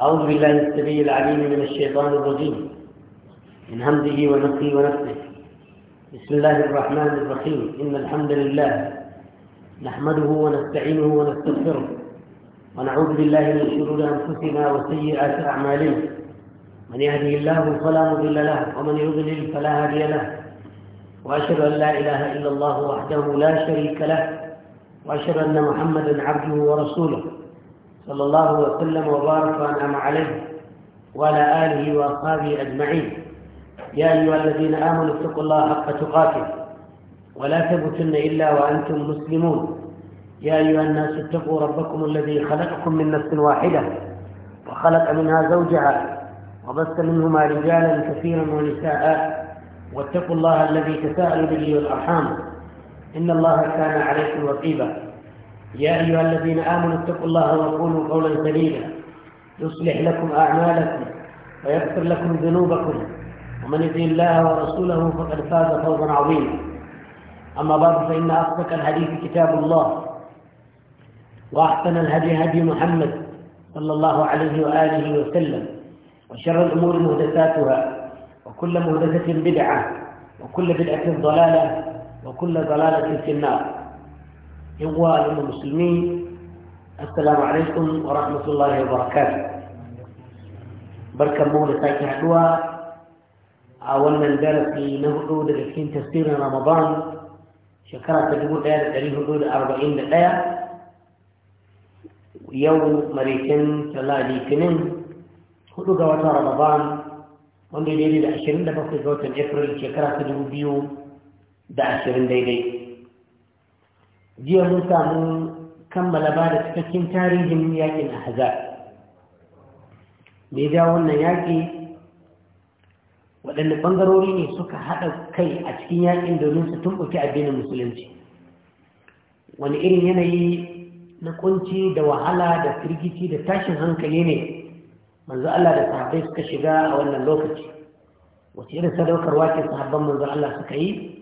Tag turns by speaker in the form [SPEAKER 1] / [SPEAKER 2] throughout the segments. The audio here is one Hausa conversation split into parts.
[SPEAKER 1] أعوذ بالله السميع العليم من الشيطان الرجيم من همده ونفسه ونفسه بسم الله الرحمن الرحيم إن الحمد لله نحمده ونستعينه ونستغفره ونعوذ بالله من شرور أنفسنا وسيئات أعمالنا من يهده الله فلا مضل له ومن يضلل فلا هادي له وأشهد أن لا إله إلا الله وحده لا شريك له وأشهد أن محمدا عبده ورسوله صلى الله وسلم وبارك وانعم عليه وعلى آله وأصحابه أجمعين يا أيها الذين آمنوا اتقوا الله حق تقاته ولا تموتن إلا وأنتم مسلمون يا أيها الناس اتقوا ربكم الذي خلقكم من نفس واحدة وخلق منها زوجها وبث منهما رجالا كثيرا ونساء واتقوا الله الذي تساءل به والأرحام إن الله كان عليكم رقيبا يا أيها الذين آمنوا اتقوا الله وقولوا قولا سليما يصلح لكم أعمالكم ويغفر لكم ذنوبكم ومن يطع الله ورسوله فقد فاز فوزا عظيما أما بعد فإن أصدق الحديث كتاب الله وأحسن الهدي هدي محمد صلى الله عليه وآله وسلم وشر الأمور مهدساتها وكل مهدسة بدعة وكل بدعة ضلالة وكل ضلالة في النار إخوة المسلمين السلام عليكم ورحمة الله وبركاته بركة مولى ساكن عدوى أولنا الدرس لنهدو لكين تفسير رمضان شكرا تجيبوا دائرة تاريخ حدود أربعين دقيقة يوم مريكين ثلاثة كنين hudu ga watan Ramadan wanda daidai da ashirin da bakwai ga watan April shekara ta jiya mun samu kammala ba da cikakken tarihin yakin a hazar mai ja wannan yaƙi waɗanne ɓangarori ne suka haɗa kai a cikin yaƙin domin su tumɓuki addinin musulunci wani irin yanayi na kunci da wahala da firgici da tashin hankali ne manzo Allah da sahabbai suka shiga a wannan lokaci wace irin sadaukarwa ke sahabban manzo Allah suka yi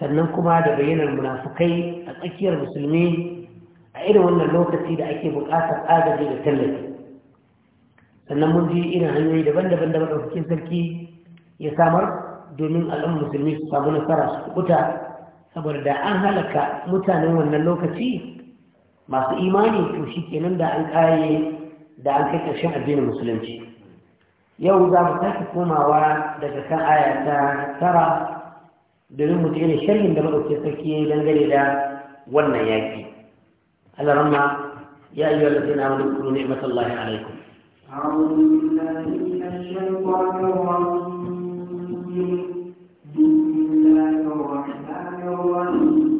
[SPEAKER 1] sannan kuma da bayyanar munafukai a tsakiyar musulmi a irin wannan lokaci da ake buƙatar agaji da tallafi sannan mun ji irin hanyoyi daban-daban da maɗaukakin sarki ya samar domin al'ummar musulmi su samu nasara su kubuta saboda da an halaka mutanen wannan lokaci masu imani to shi kenan da an ƙaye da an kai ƙarshen addinin musulunci yau za mu sake komawa daga kan aya ta tara domin mu tsere shirin da madaukakin sarki ya dangane da wannan yaƙi Allah ramma ya ayyuhal ladzina amanu kunu ni'matallahi alaikum أعوذ بالله من
[SPEAKER 2] الشيطان الرجيم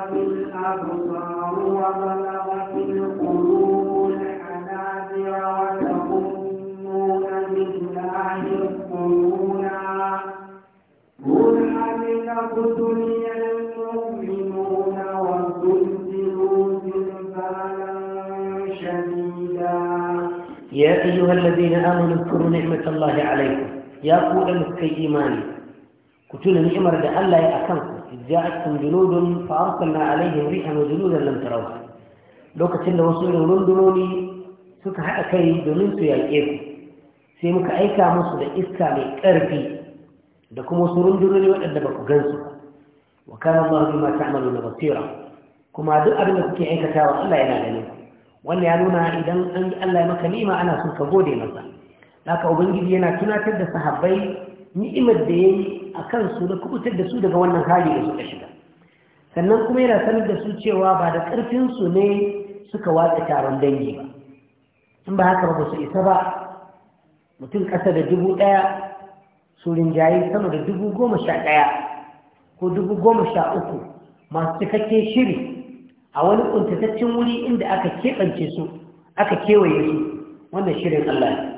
[SPEAKER 2] خلقت الأبصار وبلغت القلوب الحناجر وتظنون بالله الظنونا منح بنفس المؤمنون وزلزلوا زلزالا شديدا
[SPEAKER 1] يا أيها الذين آمنوا اذكروا نعمة الله عليكم يا قول مكي إيماني كتنا نعمة الله يا أكنكم إذ don جنود فأرسلنا عليهم ريحا وجنودا لم تروها لوكacin da wasu irin rundunoni suka haɗa kai domin su yaƙe ku sai muka aika musu da iska mai ƙarfi da kuma wasu rundunoni waɗanda ba ku gansu wa kana Allah bima ta'maluna basira kuma duk abin da kuke aikatawa Allah yana ganin ku wannan ya nuna idan an yi Allah maka ni'ima ana so ka gode masa haka ubangiji yana tunatar da sahabbai ni'imar da yayi a kansu na kubutar da su daga wannan hali da suka shiga sannan kuma yana sanar da su cewa ba da ƙarfinsu ne suka watsa taron dangi ba in ba haka ba su isa ba mutum ƙasa da dubu ɗaya su rinjaye sama da dubu goma sha ɗaya ko dubu goma sha uku masu cikakke shiri a wani ƙuntataccen wuri inda aka keɓance su aka kewaye su wannan shirin Allah ne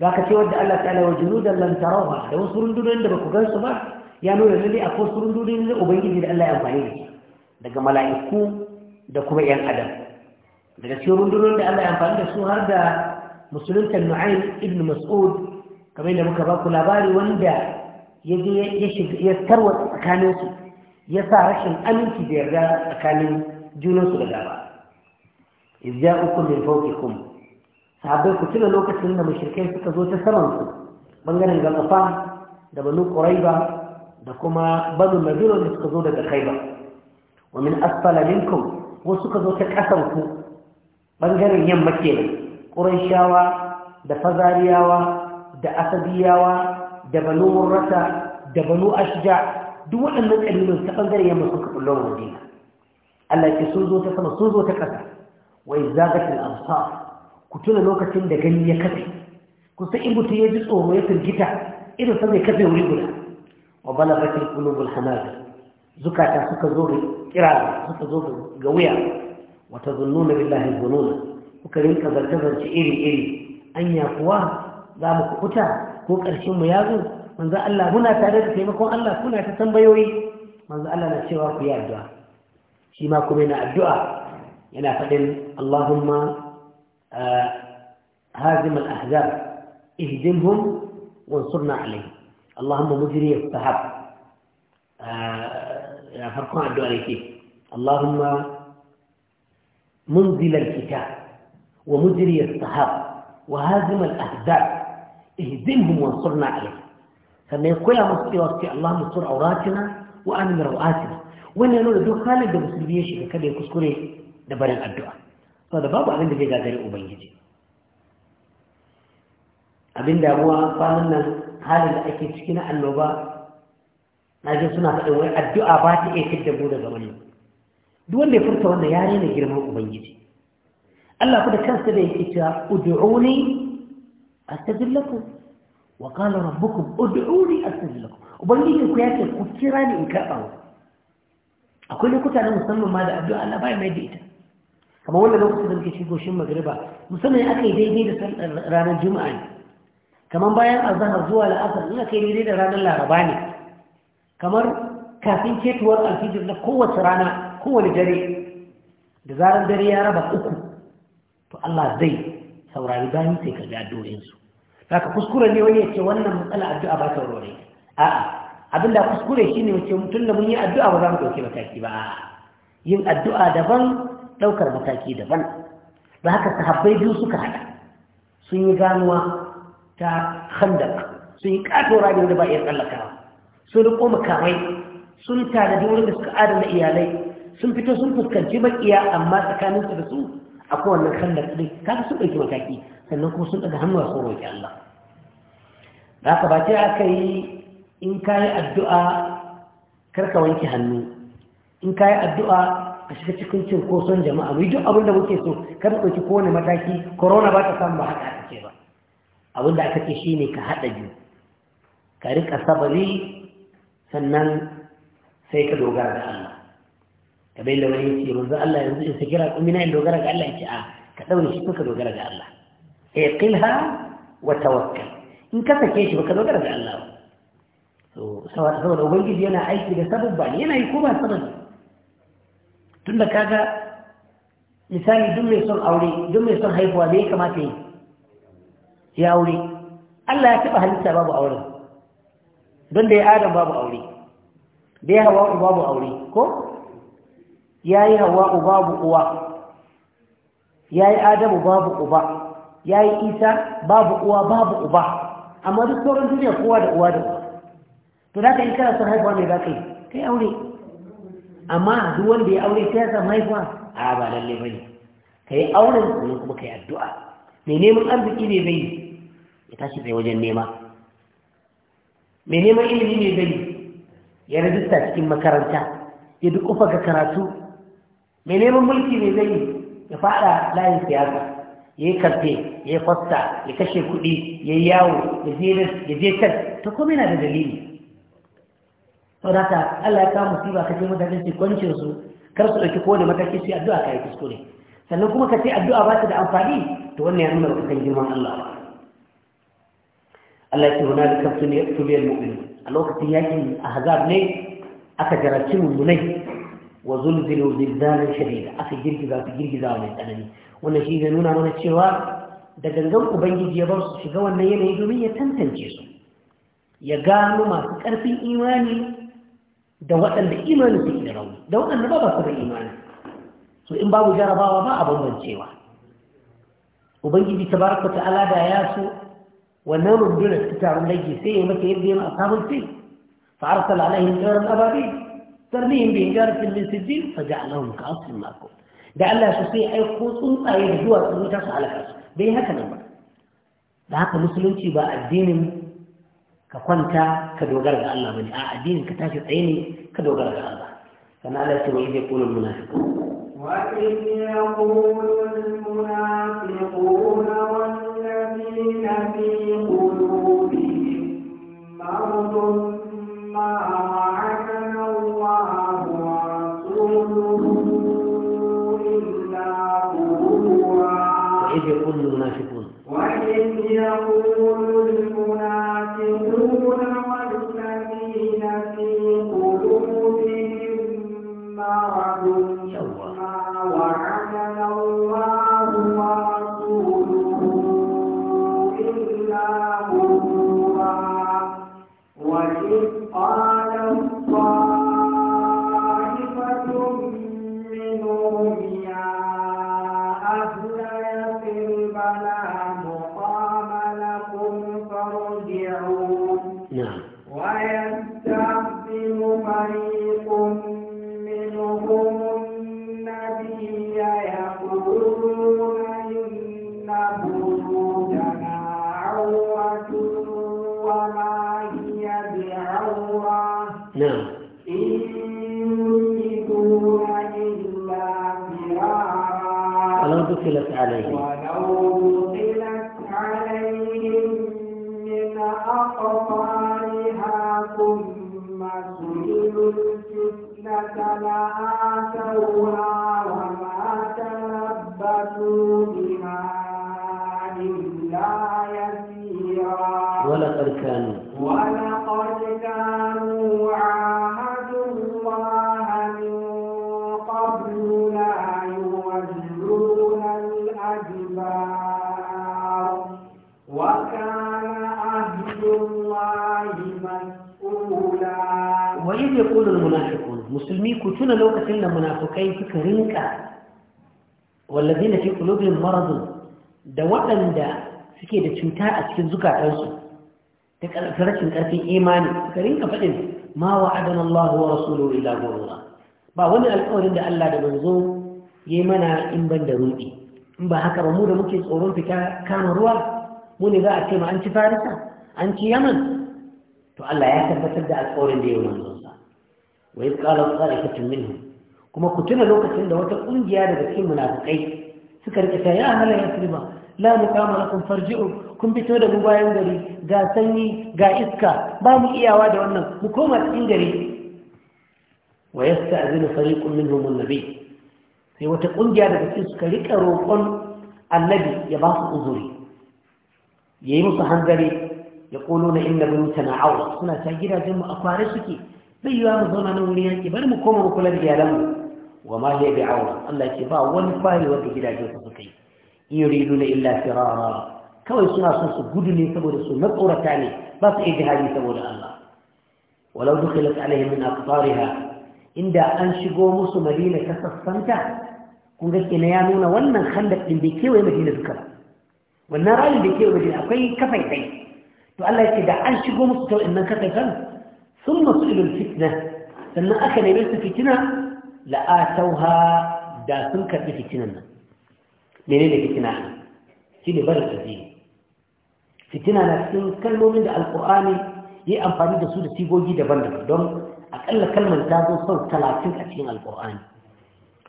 [SPEAKER 1] zaka ka ce wadda Allah ta'ala wa junudan lam tarawha da wasu rundunonin da baku gansu ba ya nuna lalle akwai wasu rundunonin da ubangiji da Allah ya amfani da daga mala'iku da kuma yan adam daga cikin rundunonin da Allah ya amfani da su har da musulunta Nu'aym ibn Mas'ud kamar da muka ba ku labari wanda ya je ya shiga ya tarwa tsakanin su ya sa rashin aminci da yarda tsakanin junansu da gaba iz ja'ukum min fawqikum sahabbai ku tuna lokacin da mushrikai suka zo ta saman su bangaren galfa da banu quraiba da kuma banu nadir da suka zo daga khaiba wa min asfala minkum wasu suka zo ta kasan ku bangaren yamma kenan ƙuraishawa da fazariyawa da asabiyawa da banu murrata da banu ashja duk waɗannan ƙabilun ta bangaren yamma suka kullo madina Allah ke sun zo ta sama sun zo ta ƙasa, wa izagat al ku tuna lokacin da gani ya kafe ku san in mutum ya ji tsoro ya firgita irin sa zai kafe wuri guda wa bala fatil qulubul hamad zukata suka zo ga kira suka zo ga wuya wa tazunnuna billahi dhununa kuka rinka zartazarci iri iri anya kuwa za mu kukuta ko ƙarshen mu ya zo manzo Allah muna tare da taimakon Allah kuna ta tambayoyi manzo Allah na cewa ku yi addu'a shi ma kuma yana addu'a yana faɗin Allahumma آه، هازم الأحزاب اهدمهم وانصرنا عليهم اللهم مجري السحاب آه، يا فرقان الدوليتي اللهم منزل الكتاب ومجري السحاب وهازم الأحزاب اهدمهم وانصرنا عليهم sannan يقول يا cewa اللهم انصر musur وأمن wa amin rawatina wannan yana da كذا halin da musulmi da babu abin da zai gagari ubangiji abin damuwa kwanan nan halin da ake ciki na annoba na ji suna faɗin wai addu'a ba ta iya fidda mu daga wani duk wanda ya furta wannan ya rena girman ubangiji Allah ku da kansa da yake cewa ud'uni astajib lakum wa qala rabbukum ud'uni astajib lakum ubangiji ku yake ku kira ni in karɓa akwai lokuta na musamman ma da addu'a Allah bai mai da ita kamar wanda lokacin da muke ci goshin magriba musamman aka yi daidai da ranar juma'a ne kamar bayan azahar zuwa la'asar ina kai daidai da ranar laraba ne kamar kafin cetuwar alfijir na kowace rana kowane dare da zarar dare ya raba uku to Allah zai saurari bayan sai ka ga doyinsu saka kuskure ne wani ya ce wannan matsala addu'a ba ta warware a'a abin da kuskure shine wace mutum da mun yi addu'a ba za mu ɗauki mataki ba yin addu'a daban ɗaukar mataki daban da haka sahabbai biyu suka haɗa sun yi ganuwa ta handak sun yi ƙato rami da ba iya tsallakawa sun riƙo makamai sun tanadi wurin da suka adana iyalai sun fito sun fuskanci maƙiya amma tsakaninsu da su a kowannan handak ɗin kaga sun ɗauki mataki sannan kuma sun ɗaga hannuwa su roƙi Allah da haka ba ce aka yi in ka yi addu'a karka wanke hannu in ka yi addu'a a shiga cikin koson jama'a mu yi duk abin da muke so kar mu ɗauki kowane mataki corona ba ta samu ba haka ake ba abin da aka ce shi ne ka haɗa biyu ka riƙa sabari sannan sai ka dogara da Allah ka bai da wani ce manzo Allah yanzu in sakira kumina in dogara ga Allah ya ce a ah, ka ɗaure shi ka dogara ga Allah E, qilha wa tawakkal in ka sake shi ba ka dogara ga Allah ba saboda ubangiji yana aiki da sababba yana yi ko ba sababba tunda kaga misali duk mai son aure duk mai son haihuwa me kama kamata yi ya aure Allah ya taɓa halitta babu auren don da ya adam babu aure da ya hawa babu aure ko ya yi hawa babu uwa ya yi adamu babu uba ya yi isa babu uwa babu uba amma duk sauran duniya kowa da uwa da uwa to da ka yi kana son haihuwa ne za ka yi kai aure amma duk wanda ya aure sai ya samu haihuwa a ba lalle ba ne ka yi auren ne kuma ka yi addu'a mai neman arziki ne zai ya tashi tsaye wajen nema mai neman ilimi ne bai ya rajista cikin makaranta ya duk kufa ga karatu mai neman mulki ne bai ya fada layin siyasa ya yi karfe ya yi fasta ya kashe kuɗi ya yi yawo ya je can ta kuma yana da dalili sau da ta Allah ya kawo musiba ka ce mutane su kwancin su kar su ɗauki kowane mataki su addu'a ka yi kuskure sannan kuma ka ce addu'a ba ta da amfani to wannan ya nuna kan girman Allah Allah ya ce wani alikar su ne tuliyar mu'min a lokacin yakin Ahazab ne aka jarabci mummunai wa zulzilu zilzalan shadida aka girgiza su girgiza mai tsanani wannan shi ne nuna mana cewa da gangan ubangiji ya bar su shiga wannan yanayi domin ya tantance su ya gano masu ƙarfin imani da waɗanda imanin su da rauni da waɗanda ba ba su da imani so in babu jarabawa ba a bambancewa ubangiji tabaraka ta'ala da ya so wannan rundunar ta taron lagi sai ya mata yadda yana asabul fil fa arsala alaihim tsaron ababi tarmihim bi hijaratin min sijil fa ja'alahum ka'asin mako da Allah su sai aiko tsuntsaye da duwatsu wuta su halaka su bai haka nan ba da haka musulunci ba addinin ka kwanta ka dogara ga Allah bane a addinin ka tashi tsaye ne ka dogara ga Allah sannan Allah ce wa idh yaqulu al munafiqun
[SPEAKER 2] wa idh yaqulu al munafiquna wal ladina fi qulubihim maradun
[SPEAKER 1] ka rinka wallazi na fi kulubin da waɗanda suke da cuta a cikin zukatansu ta karfin ƙarfin imani ka rinka faɗin ma wa Allah wa rasulu illa gurra ba wani alƙawarin da Allah da manzo yayi mana in ban da ruɗi in ba haka ba mu da muke tsoron fita kama ruwa mu ne za a ce ma an ci farisa an ci yaman to Allah ya tabbatar da alƙawarin da ya manzo sa wa iz qala minhum kuma ku tuna lokacin da wata ƙungiya daga cikin munafikai suka rike ta ya ahla yasriba la na lakum farji'u kun fito da mu bayan gari ga sanyi ga iska ba mu iyawa da wannan mu koma cikin gari wa yasta'zinu fariqun minhum an sai wata ƙungiya daga cikin suka rika roƙon annabi ya ba su uzuri yayi musu hangare, ya ƙolo na inda bin tana awa suna ta gidajen mu a kware suke zai yi wa mu zauna na wuri yanki bari mu koma mu kula da iyalanmu wa ma bi bi'awra Allah ce ba wani fari wanda gidaje su suka yi In yuriduna illa firara kawai suna son su gudu ne saboda su matsorata ne ba su iya jihadi saboda Allah walau dukhilat alaihim min aqtariha inda an shigo musu madina ta sassanta kun ga kenan ya nuna wannan khandaq din da kewaye madina duka ba wannan rayin da kewaye madina akwai kafai kai to Allah ya ce da an shigo musu ta nan kafai kan sun masu ilul fitna sannan aka nemi su fitina la'atauha da sun karɓi fitinan nan menene fitina shi ne barin addini fitina na cikin kalmomin da alkur'ani ya yi amfani da su da sigogi daban-daban don akalla kalmar ta zo sau talatin a cikin alkur'ani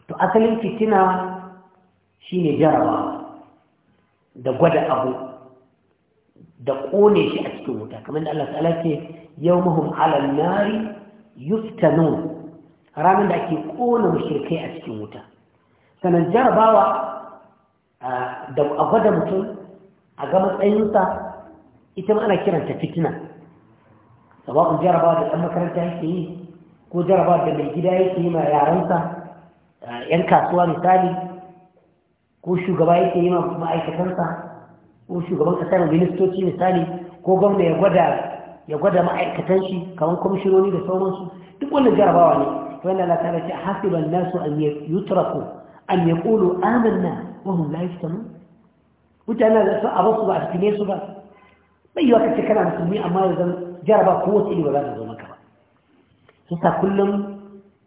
[SPEAKER 1] to asalin fitina shi ne jarawa da gwada abu da ƙone shi a cikin wuta kamar da Allah ta'ala ce yau mahum alal nari yuftanun ranar da ake ƙona mashirkai a cikin wuta sanan jarabawa da a gwada mutum a ga matsayinsa ita ma ana kiranta fitina sabakun jarabawa da ɗan makaranta yake yi ko jarabawa da mai gida yake yi ma yarensa, ‘yan kasuwa misali ko shugaba yake yi ma ma'aikatansa ko shugaban ƙasar ministoci misali ko gwamna ya gwada ma'aikatan shi kamar kwamishinoni da sauransu duk wannan jarabawa ne فإن لا تعالى حسب الناس أن يتركوا أن يقولوا آمنا وهم لا يفتنون وتعالى أبصوا بعد كمية صبع بأي وقت تكلم مسلمي أما يزن جرب قوة إلي وبعد ذو مكرا ستا كلهم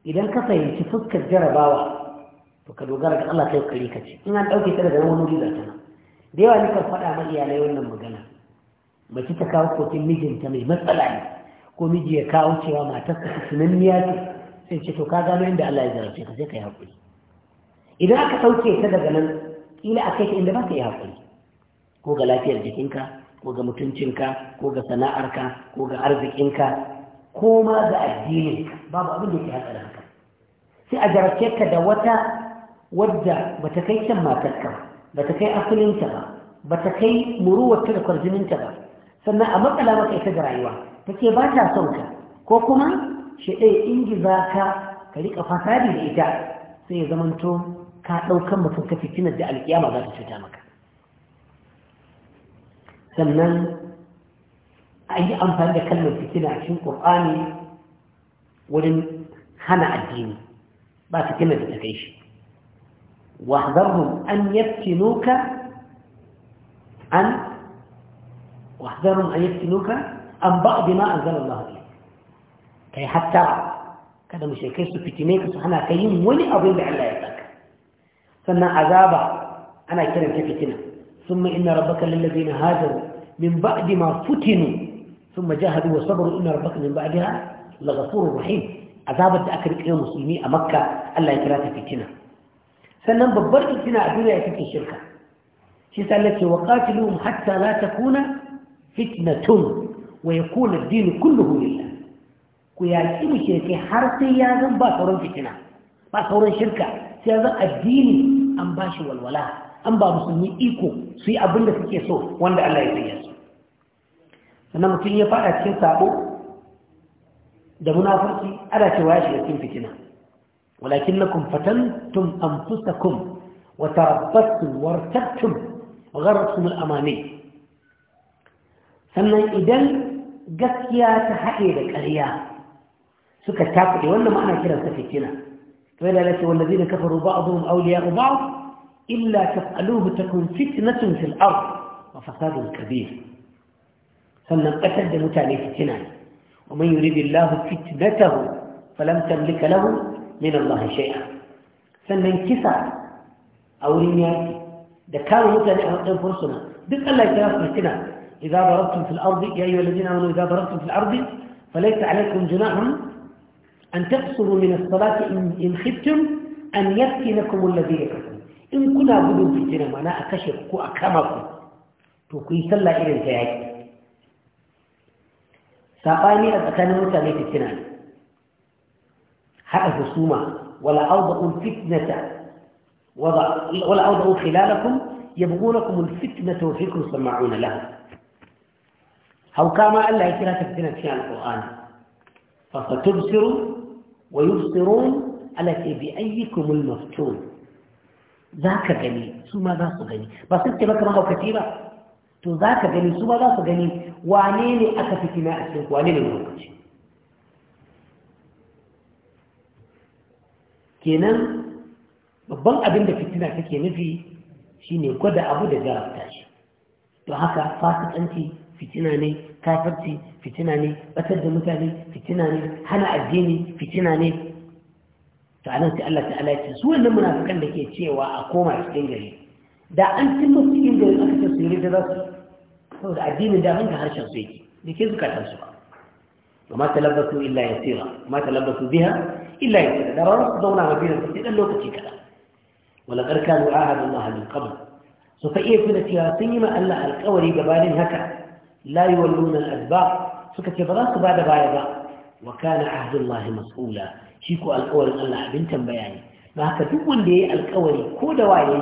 [SPEAKER 1] إذا كفي تفك الجرباوة فكدو قالك الله تيوك ليكتي إن أن أوكي تلك أنا ونولي ذاتنا ديوا لك الفرع ما إيا ليونا مقالا ما تتكاوكو تمجن تمج مسألة ko miji ya kawo cewa matarsa ta sunanniya ce sai ce to ka gano inda Allah ya zarace ka sai ka yi haƙuri idan aka ɗauke ta daga nan ƙila a kai ta inda ba ka yi haƙuri ko ga lafiyar jikinka ko ga mutuncinka ko ga sana'arka ko ga arzikinka ko ma ga addininka babu abin da ke hatsara haka sai a jarabce ka da wata wadda ba ta kai can matarka ba ta kai asalinta ba ba ta kai muruwarta da kwarjininta ba sannan a matsala maka ita da rayuwa ta ce ba ta son ka ko kuma shi ɗaya ingiza ka ka riƙa fasadi da ita sai ya zamanto ka ɗaukan mutum ka fitina da alƙiyama za ta cuta maka sannan an yi amfani da kalmar fitina a cikin ƙur'ani wurin hana addini ba fitinar da ta kai shi wahzarhum an yaftinuka an wahzarhum an yaftinuka an ba'd ma anzala Allah كي حتى كذا مش كي سفتينيك سبحانه كيم ولي أظن بعلا يتك فما عذاب أنا كلم كفتنا ثم إن ربك للذين هاجروا من بعد ما فتنوا ثم جاهدوا وصبروا إن ربك من بعدها لغفور رحيم عذاب تأكد إيه مسلمي أمكة ألا يتلاتي فتنا سنن ببرك فتنا أدولا يتلك الشركة شيسا التي وقاتلهم حتى لا تكون فتنة ويكون الدين كله لله ku yaƙi mushrikai har sai ya zan ba sauran fitina ba sauran shirka sai ya zan addini an ba shi walwala an ba musulmi iko su yi abin da suke so wanda Allah ya sanya su sannan mutum ya faɗa cikin sabo da munafurci ana cewa ya shiga cikin fitina walakin lakum fatantum anfusakum wa tarabbatum wartabtum gharratum al-amani sannan idan gaskiya ta haɗe da ƙarya suka takuɗe wannan ma'ana kiran sa fitina to yana lati wallazina kafaru ba'dhum awliya ba'd illa taf'aluhu takun fitnatun fil ard wa fasadun kabir sannan ƙasar da mutane fitina ne wa man yuridillahu fitnatahu falam tamlik lahu min Allah shay'a sannan kisa a yaki da kare mutane a matsayin fursuna duk Allah ya kira fitina idza darabtum fil ard ya ayyuhallazina amanu idza darabtum fil ard فليس عليكم جناح أن تقصروا من الصلاة إن خبتم أن يفتنكم الذي يكفر إن كنا بدون فتنة معنا أكشف كو أكرمكم توقي صلى إلى الجاهد سأقاني أتكان مثالي فتنة حق الحسومة ولا أوضع الفتنة وضع ولا أوضع خلالكم يبغونكم الفتنة وفيكم سماعون لها هو كما ألا يكرا تفتنة في القرآن فستبصروا ويبصرون التي بأيكم المفتون ذاك غني ثم ذاك غني بس انت بكره مهو كثيرة ذاك غني ثم ذاك غني وعنين أكف اتماع السنك وعنين الوقت كينا ببال أبين دك اتماع كي نفي شيني وكذا أبو دجارة تاشي وهكا فاسق أنت في تناني kafirci fitina ne batar da mutane fitina ne hana addini fitina ne ta anan sai Allah ta'ala ce su wannan munafikan da ke cewa a koma cikin gari da an cimma cikin gari aka ce su yi da za su saboda addinin da hanga harshen su yake da ke zukatan su ba wa ma talabbatu illa yasira ma talabbatu biha illa yasira da ranar su zauna a biyan sai dan lokaci kada wala karkanu ahadu Allah min qabl su fa iya tuna cewa sun yi ma Allah alƙawari gabanin haka la yuwalluna al suka ce ba za su bada baya ba wa kana ahdullahi mas'ula shi ko alƙawarin Allah abin tambaya ne ba haka duk wanda yayi alƙawari ko da waye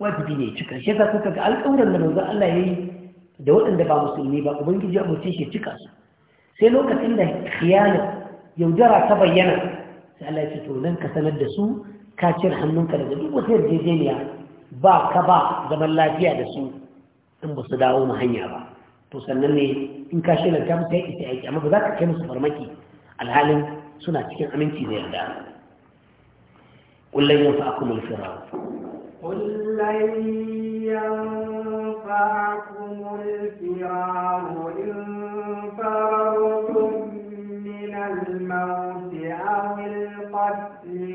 [SPEAKER 1] wajibi ne cika shi yasa kuka ga alƙawarin da manzo Allah yayi da waɗanda ba musulmi ba ubangiji ya mutunce shi cika su sai lokacin da khiyana yaudara ta bayyana sai Allah ya ce to nan ka sanar da su ka cire hannunka daga duk wata yarjejeniya ba ka ba zaman lafiya da su in ba su dawo mu hanya ba to sannan ne in ka shelanta musu yaƙi sai aiki amma ba za ka kai musu farmaki alhalin suna cikin aminci da yarda kullum yin fa'akum alfirar
[SPEAKER 2] kullum yin fa'akum alfirar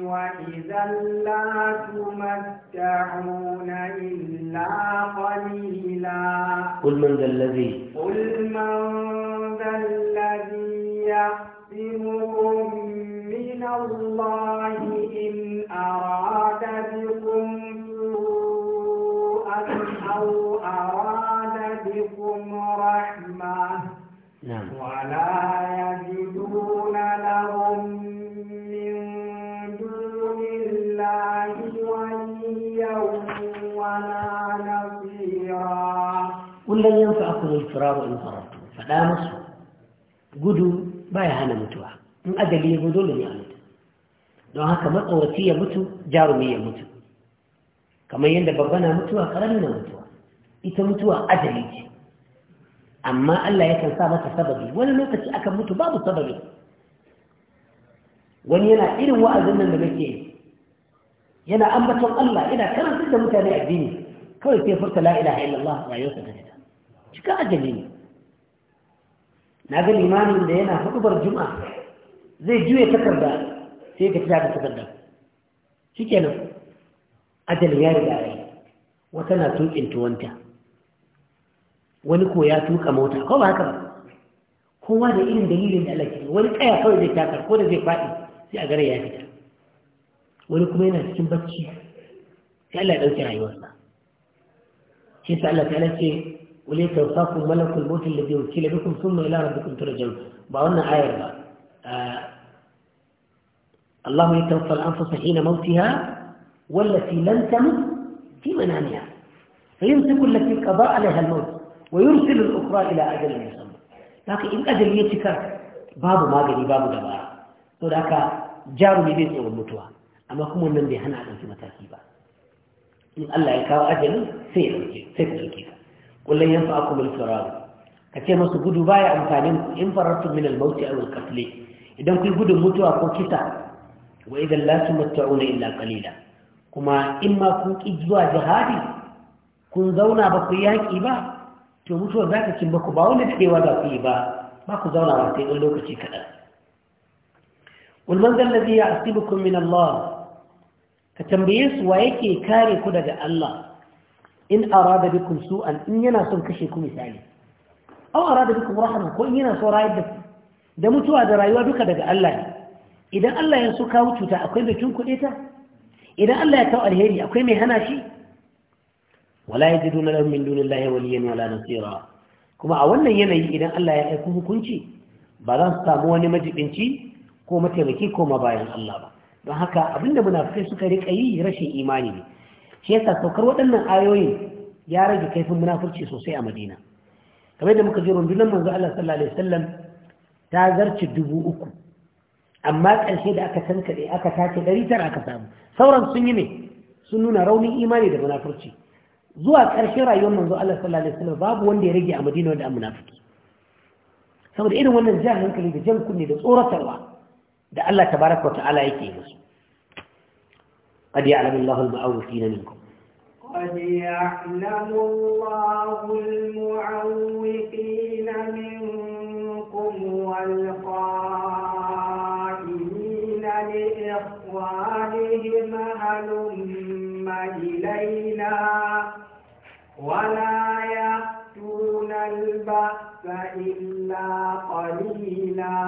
[SPEAKER 2] وإذا لا تمتعون إلا قليلا
[SPEAKER 1] قل من ذا الذي
[SPEAKER 2] قل من ذا الذي يحسبكم من الله إن أراد بكم سوءا أو أراد بكم رحمة نعم ولا يجدون لهم kullum yanfa a
[SPEAKER 1] zai turaru in faratu faɗa masu gudu ba ya hana mutuwa in ajali ya gudu ne a mutu don haka matsawaci ya mutu jarumi ya mutu kamar yadda babba na mutuwa ƙarami na mutuwa ita mutuwa ajali ce amma Allah yakan sa mata sababi wani lokaci aka mutu babu sababi wani yana irin wa'azin nan da muke yana ambaton Allah yana karantar da mutane addini kawai sai furta la ilaha illallah rayuwarsa ta fita cika ajali ne na ga limamin da yana hudubar juma'a zai juya takarda sai ka tada takarda shikenan ajali ya riga yayi wata na tukin tuwanta wani ko ya tuka mota ko ba haka ba kowa da irin dalilin da Allah ke wani kaya kawai zai takar ko da zai faɗi sai a gare ya fita wani kuma yana cikin bacci sai Allah ya ɗauki rayuwarsa shi sa Allah ta ce wale ta saku malakul mutul da biyu kila bikum sun mai lara da bikin turjan ba wannan ayar ba ah, Allah ya tawfa al'anfusa hina mautiha wallati lan tamut fi manamiha فيمسك التي قضى عليها ila ويرسل ya إلى أجل مسمى لكن إن أجل cika, babu magani babu dabara to da aka jarumi bai tsoron mutuwa amma kuma nan bai hana a ɗauki mataki ba in Allah ya kawo ajalin sai ɗauke sai ku ɗauke kullum yanfa aku bil firaru ka ce masu gudu baya amfanin ku in farartu min al mauti aw al qatl idan kun gudun mutuwa ko kisa wa idan la tumatta'una illa qalila kuma in ma kun ki zuwa jihadi kun zauna ba ku yaki ba to mutuwa za ka cin ba ku ba wani daɗewa za ku yi ba ba ku zauna ba sai ɗan lokaci kaɗan. Ulman zallazi ya asibukun min ka tambaye su wa yake kare ku daga Allah in arada bikum su'an in yana son kashe ku misali aw arada bikum rahman ko in yana so rayar da ku da mutuwa da rayuwa duka daga Allah ne idan Allah ya so kawo cuta akwai mai tunkuɗe ta idan Allah ya kawo alheri akwai mai hana shi wala yajiduna lahum min dunillahi waliyyan wala nasira kuma a wannan yanayi idan Allah ya aiko hukunci ba za su samu wani majibinci ko mataimaki ko mabayan Allah ba don haka abinda munafikai suka rika yi rashin imani ne shi yasa saukar waɗannan ayoyin ya rage kaifin munafurci sosai a madina kamar da muka ji rundunar manzo Allah sallallahu alaihi wasallam ta zarce dubu uku amma ƙarshe da aka tankaɗe aka tace ɗari tara aka samu sauran sun yi ne sun nuna raunin imani da munafurci zuwa ƙarshen rayuwar manzo Allah sallallahu alaihi wasallam babu wanda ya rage a madina wanda an munafiki saboda irin wannan jihar hankali da jan kunne da tsoratarwa da Allah tabaraka ta'ala yake musu qad ya'lamu Allahu al-mu'awwiqina
[SPEAKER 2] minkum qad ya'lamu Allahu al-mu'awwiqina minkum wal qa'imina li ikhwanihim halumma ilayna ولا يأتون البأس إلا قليلا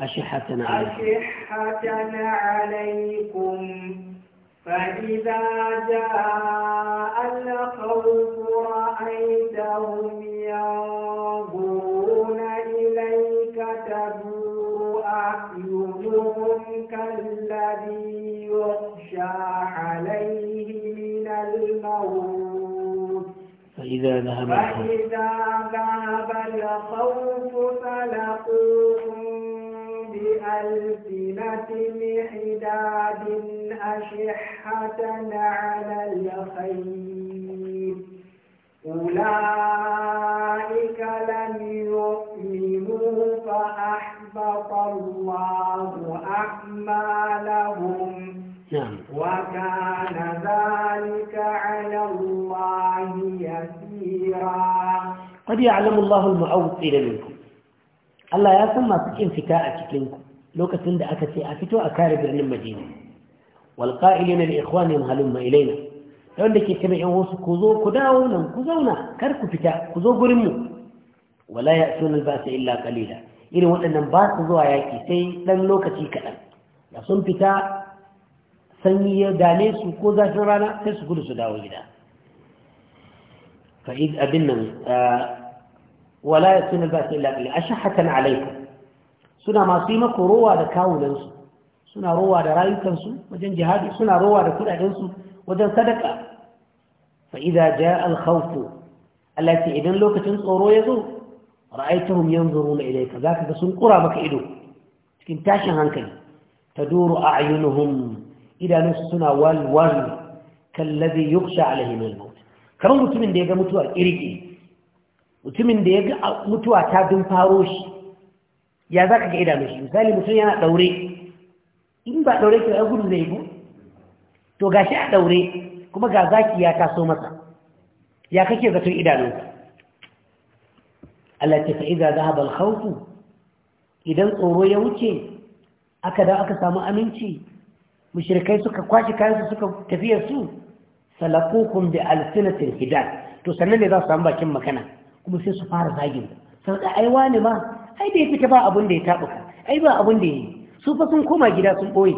[SPEAKER 2] أشحة عليكم, أشحة عليكم فإذا جاء الخوف رأيتهم ينظرون إليك تدور أعينهم كالذي يخشى عليه من الموت فإذا ذهب الخوف فإذا ذهب الخوف فلقوهم بألسنة حداد أشحة على الخير أولئك لم يؤمنوا فأحبط الله أعمالهم وكان ذلك على الله يسيرا
[SPEAKER 1] قد يعلم الله المعوقين منكم Allah ya san masu ƙin fita a cikinku lokacin da aka ce a fito a kare birnin Madina. Walƙa'ilina da ikhwanin halumma ilaina, da ke kama ‘yan wasu ku zo nan ku zauna kar ku fita ku zo gurinmu. Wala ya sunan ba illa kalila, irin waɗannan ba su zuwa yaƙi sai ɗan lokaci kaɗan. Da sun fita sanyi ya dame su ko zafin rana sai su gudu su dawo gida fa'id abin nan wala ya tuna ba illa illa ashahatan alaikum suna masu yi maka rowa da kawunansu suna rowa da rayukansu wajen jihadi suna rowa da kudadensu wajen sadaka fa'ida ja alkhawfu Allah idan lokacin tsoro ya zo ra'aitahum yanzuruna ilayka zaka ga sun kura maka ido cikin tashin hankali a a'yunuhum idanunsu suna walwal kallabi yuksha alaihim al-maut kamar mutumin da ya ga mutuwa kirki mutumin da ya ga mutuwa ta dun faro shi ya za ka ga idanun shi misali mutum yana daure in ba daure ke ya gudu zai bu to gashi a daure kuma ga zaki ya taso masa ya kake zaton idanunka Allah ta fa'iza za al-khawf idan tsoro ya wuce aka da aka samu aminci mushrikai suka kayan su suka tafiya su salakukum bi alsinatil hidal to sannan ne za su samu bakin makana kuma sai su fara zagin sau da ai wani ma ai da ya fita ba abin da ya tabuka ai ba abin da ya yi su fa sun koma gida sun boye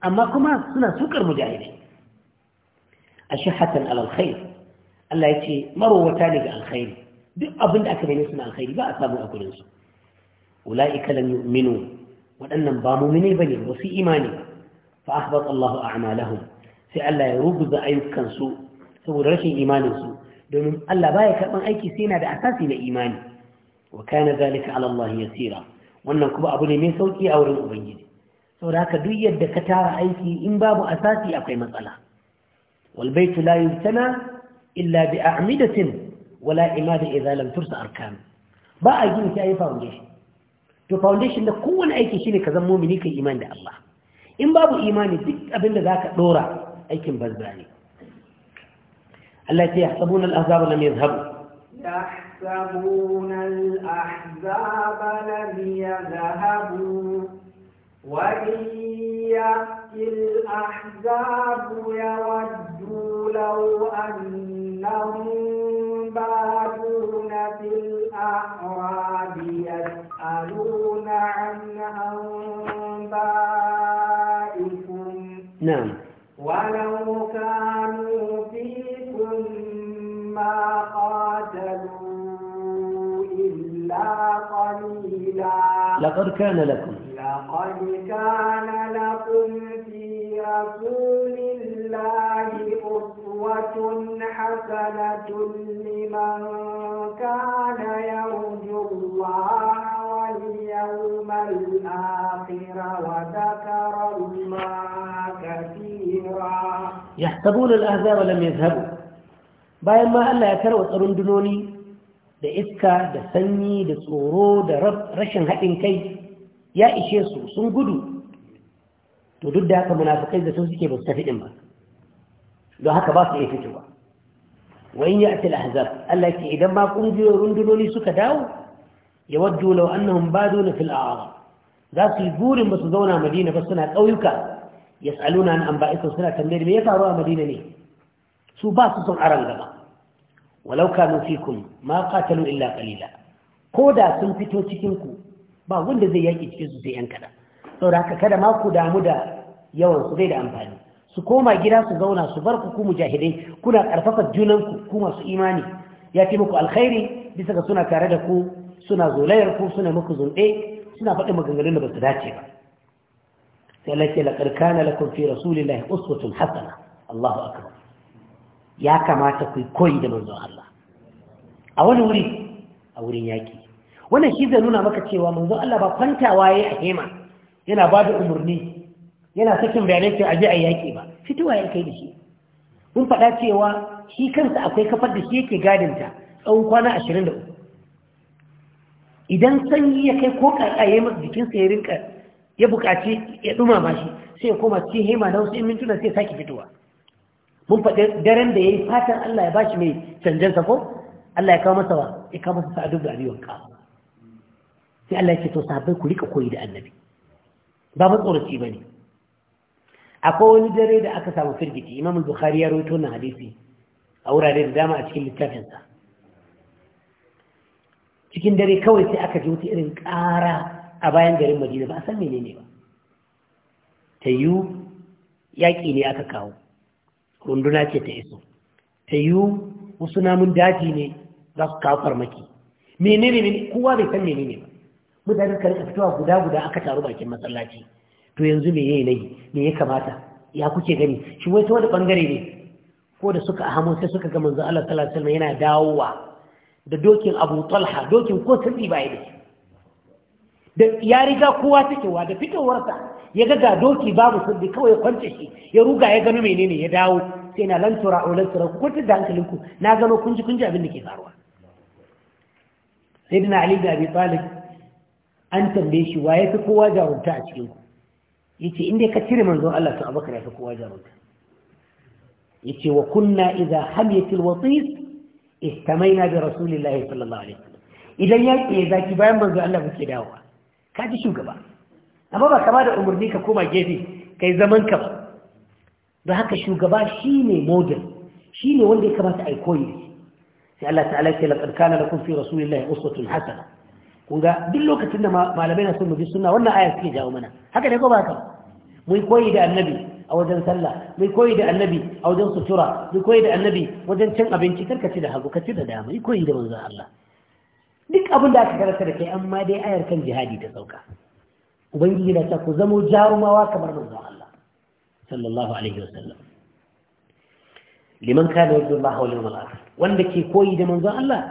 [SPEAKER 1] amma kuma suna sukar mujahidai ashihatan alal khair Allah ya ce marowata ne ga alkhairi duk abin da aka nemi suna alkhairi ba a samu a gurin su ulaika lam yu'minu waɗannan ba mu'mine bane ba su imani ba fa ahbata Allahu a'malahum sai Allah ya rubuta ayyukan su saboda rashin imanin su domin Allah baya karban aiki sai yana da asasi na imani wa zalika ala yasira wannan kuma abu ne mai sauki a wurin ubangiji saboda haka duk yadda ka tara aiki in babu asasi akwai matsala wal baitu la yubtana illa bi a'midatin wala imada idza lam tursa arkan ba a gina sai foundation to foundation da kowane aiki shine ka zama mu'mini kai imani da Allah in babu imani duk abin da zaka dora aikin banza ne Allah ya yahsabuna al-ahzaba lam yadhhabu
[SPEAKER 2] يحسبون الأحزاب لم يذهبوا وإن يأتي الأحزاب يودوا لو أنهم بادون في الأعراب يسألون عن أنباء نعم ولو كانوا فيكم ما قاتلوا إلا قليلا لقد كان لكم لقد كان لكم في رسول الله أسوة حسنة لمن كان يرجو الله واليوم الآخر وذكر الله كثيرا
[SPEAKER 1] يحسبون الأهزاب لم يذهبوا بعد ما ألا ya tarwatsa rundunoni da iska da sanyi da tsoro da rashin haɗin kai ya ishe su sun gudu to duk da haka munafikai da su suke ba su tafi din ba don haka ba su iya fitowa wa in ya'ti al-ahzab Allah ke idan ma kungiyoyin rundunoni suka dawo ya waddu law annahum baduna fil a'rab za su yi burin ba su zauna madina ba suna ƙauyuka yas'aluna an anba'ikum suna tambayar me ya faru a madina ne su ba su son aran gaba walau kanu fikum ma qatalu illa qalila ko da sun fito cikin ku ba wanda zai yaƙi cikin su sai yan kaɗan saboda haka kada ma ku damu da yawan su zai da amfani su koma gida su zauna su bar ku ku mujahidai kuna ƙarfafa junanku ku masu imani ya fi muku alkhairi bisa ga suna tare da ku suna zolayar ku suna muku zunɗe suna faɗi maganganun da ba su dace ba sai Allah ke laƙar kana lakum rasulillahi uswatun hasana Allahu akbar ya kamata ku koyi da manzon Allah a wani wuri a wurin yaki wannan shi zai nuna maka cewa manzon Allah ba kwantawa yayi a hema yana ba da umarni yana sakin bayanai cewa aje a yaki ba Fituwa ya kai da shi mun faɗa cewa shi kansa akwai kafar da shi yake gadin ta tsawon kwana 23 idan sanyi ya kai ko kaka ya yi jikinsa ya rinka ya buƙaci ya ɗumama shi sai ya koma cikin hema na wasu mintuna sai sake fitowa mun faɗi daren da ya yi fatan Allah ya bashi mai canjansa ko Allah ya kawo masa wa ya kawo masa sa'adu da aliyu ka sai Allah ya ce to sabai ku rika koyi da annabi ba matsoraci ba ne akwai wani dare da aka samu firgiti imam bukhari ya rawaito na hadisi a wurare da dama a cikin littafinsa cikin dare kawai sai aka ji wata irin ƙara a bayan garin madina ba a san menene ba ta yiwu yaƙi ne aka kawo runduna ce ta iso ta yiwu wasu namun daji ne za su kawo farmaki menene ne kowa bai san menene ba mutane suka rika fitowa guda guda aka taru bakin masallaci to yanzu me yayi nayi me ya kamata ya kuke gani shi wai ta wani bangare ne ko da suka ahamo sai suka ga manzo Allah sallallahu alaihi wasallam yana dawowa da dokin Abu Talha dokin ko sabbi bai da shi da ya riga kowa wa da fitowarsa ya ga ga doki babu sabbi kawai kwance shi ya ruga ya gano menene ya dawo sai na lantura o oh, lantura ku kwantar da hankalinku na gano kun ji kun ji abin da ke faruwa sayyidina ali da abi talib an tambaye shi waye fi kowa jarunta a cikin ku yace inda ka cire manzon Allah to Abubakar ya fi kowa jarunta yace wa kunna idza hamiyat alwatis istamaina bi rasulillah sallallahu alaihi wasallam idan ya ke zaki bayan manzon Allah kuke dawowa ka ji shugaba amma ba kama da umarni ka koma gefe kai zaman ka ba don haka shugaba shine model shine wanda ya kamata a yi koyi sai Allah ta'ala ya ce laqad kana lakum fi rasulillahi uswatun hasana kunga duk lokacin da malamai na son mu bi sunna wannan aya suke jawo mana haka ne ko ba haka mu koyi da annabi a wajen sallah mu koyi da annabi a wajen sutura mu koyi da annabi wajen cin abinci karka ci da hagu ka ci da dama yi koyi da manzon Allah duk abin da aka karanta da kai amma dai ayar kan jihadi ta sauka ubangiji na ta ku zamo jarumawa kamar manzon Allah sallallahu alaihi wasallam liman kana yadda wal yawm akhir wanda ke koyi da manzon Allah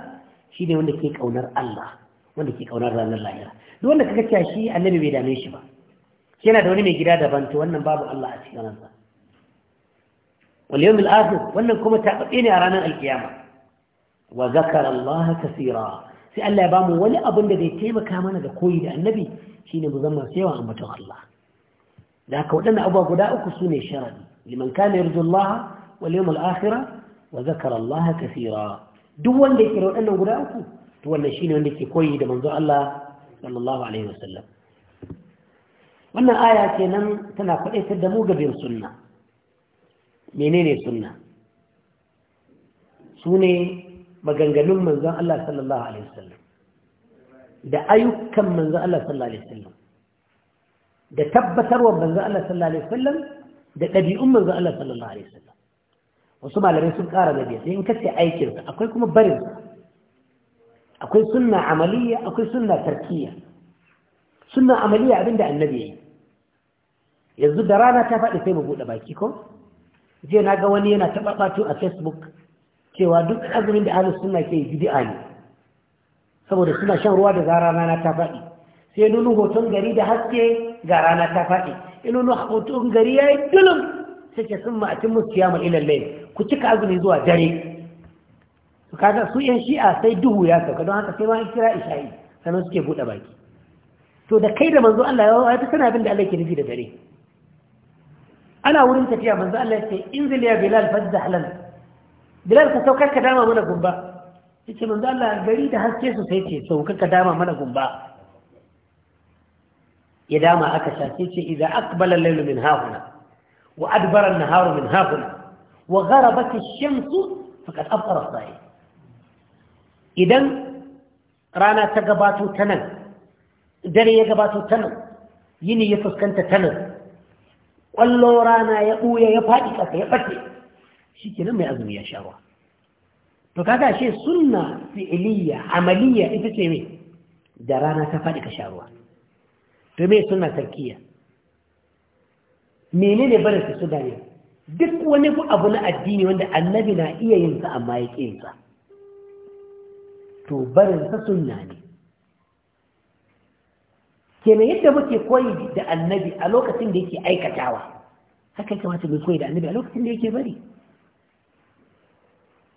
[SPEAKER 1] shine wanda ke kaunar Allah wanda ke kaunar ranar lahira duk wanda kaga cewa shi annabi bai dame shi ba shi yana da wani mai gida daban to wannan babu Allah a cikin ransa wal yawmil akhir wannan kuma tabbace ne a ranar alkiyama wa zakara Allah kaseera sai Allah ya bamu wani abin da zai taimaka mana da koyi da annabi shine mu zama sai wa ambaton Allah da haka wadannan abubuwa guda uku sune sharadi liman kana yarju Allah wal yawmil akhir wa zakara Allah kaseera duk wanda ya kira waɗannan guda uku to wannan shine wanda ke koyi da manzo Allah sallallahu alaihi wasallam wannan aya kenan tana faɗaitar da mu gabin sunna menene sunna Sune maganganun manzon Allah sallallahu alaihi wasallam da ayyukan manzon Allah sallallahu alaihi wasallam da tabbatarwar manzon Allah sallallahu alaihi wasallam da ɗabi'un manzon Allah sallallahu alaihi wasallam wasu malamai sun ƙara da sai in kace aikinsa akwai kuma barinsa akwai sunna amaliya akwai sunna tarkiya sunna amaliya abinda annabi yayi yanzu da rana ta faɗi sai mu buɗe baki ko je na ga wani yana taɓa ɓato a facebook cewa duk azumin da ahlus suna ke bid'a ne saboda suna shan ruwa da gara na ta faɗi sai nuna hoton gari da haske ga rana ta faɗi in nuna hoton gari yayi dulum sai ke sun ma'atin musu kiyama ilal ku cika azumi zuwa dare kaga su yan shi'a sai duhu ya sauka don haka sai ma kira isha'i sannan suke buɗe baki to da kai da manzo Allah ya wata sana abin da Allah ke nufi da dare ana wurin tafiya manzo Allah ya ce inzil ya bilal fadzah lana bilal ka saukar ka dama mana gumba Ya ce manzo Allah gari da haske su sai ce saukar ka dama mana gumba ya dama aka sha sai ce idza aqbala al-laylu min hahuna wa adbara an-naharu min hahuna wa gharabat ash-shamsu faqad afṭara as-sā'im idan rana ta gabato ta nan dare ya gabato ta nan yini ya fuskanta ta nan ƙwallo rana ya ɓuya ya faɗi ƙasa ya ɓace shi kenan mai azumi ya shawa to kaga shi sunna fi'iliya amaliya ita ce mai da rana ta faɗi ka sharuwa to mai suna tarkiya menene barin su su ne? duk wani abu na addini wanda annabi na iya yin sa amma ya ƙi yin sa to barin sa sunna ne kenan yadda muke koyi da annabi a lokacin da yake aikatawa haka kuma kamata koyi da annabi a lokacin da yake bari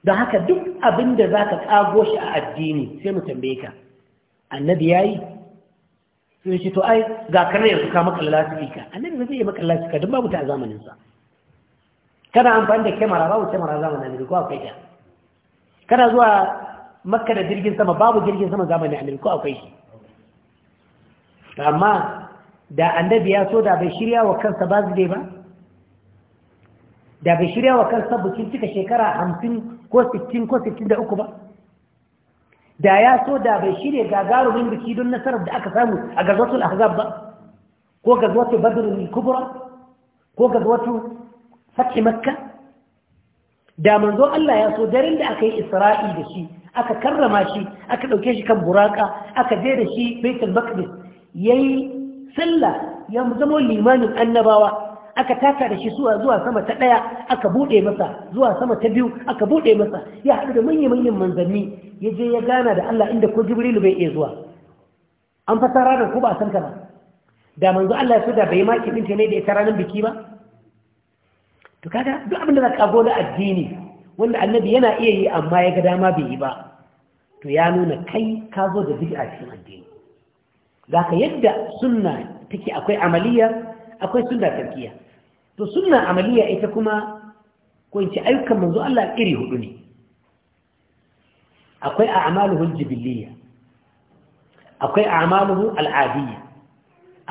[SPEAKER 1] don haka duk abin da za ka kago shi a addini sai mu tambaye ka annabi ya yi sun shi to ai ga kana yanzu ka maka ka? annabi zai iya maka ka don babu ta a zamaninsa kana amfani da kyamara babu kyamara zamanin da, ko kai ta kana zuwa makka da jirgin sama babu jirgin sama zamanin annabi ko akwai shi amma da annabi ya so da bai shirya wa kansa ba zai ba da bai shirya wa kansa bukin cika shekara hamsin ko sittin ko sittin da uku ba da ya so da bai shirya gagarumin biki don nasarar da aka samu a gazwatul ahzab ba ko gazwatul badr kubra ko gazwatul fatih makka da manzo Allah ya so darin da aka yi isra'i da shi aka karrama shi aka ɗauke shi kan buraka aka je da shi baitul maqdis yayi sallah ya zama limanin annabawa aka taka da shi zuwa sama ta ɗaya aka buɗe masa zuwa sama ta biyu aka buɗe masa ya haɗu da manya-manyan manzanni ya je ya gana da Allah inda ko jibrilu bai iya zuwa an fasa ranar ko ba a san ka ba da manzo Allah ya soda bai maki ɗinta ne da ita ranar biki ba to kaga duk abin da za ka na addini wanda annabi yana iya yi amma ya ga dama bai yi ba to ya nuna kai ka zo da bid'a cikin addini ka yadda sunna take akwai amaliya akwai sunna tarkiya to sunna amaliya ita kuma ko in ce ayyukan manzo Allah iri hudu ne akwai a'maluhul jibiliyya akwai a'maluhu al'adiyya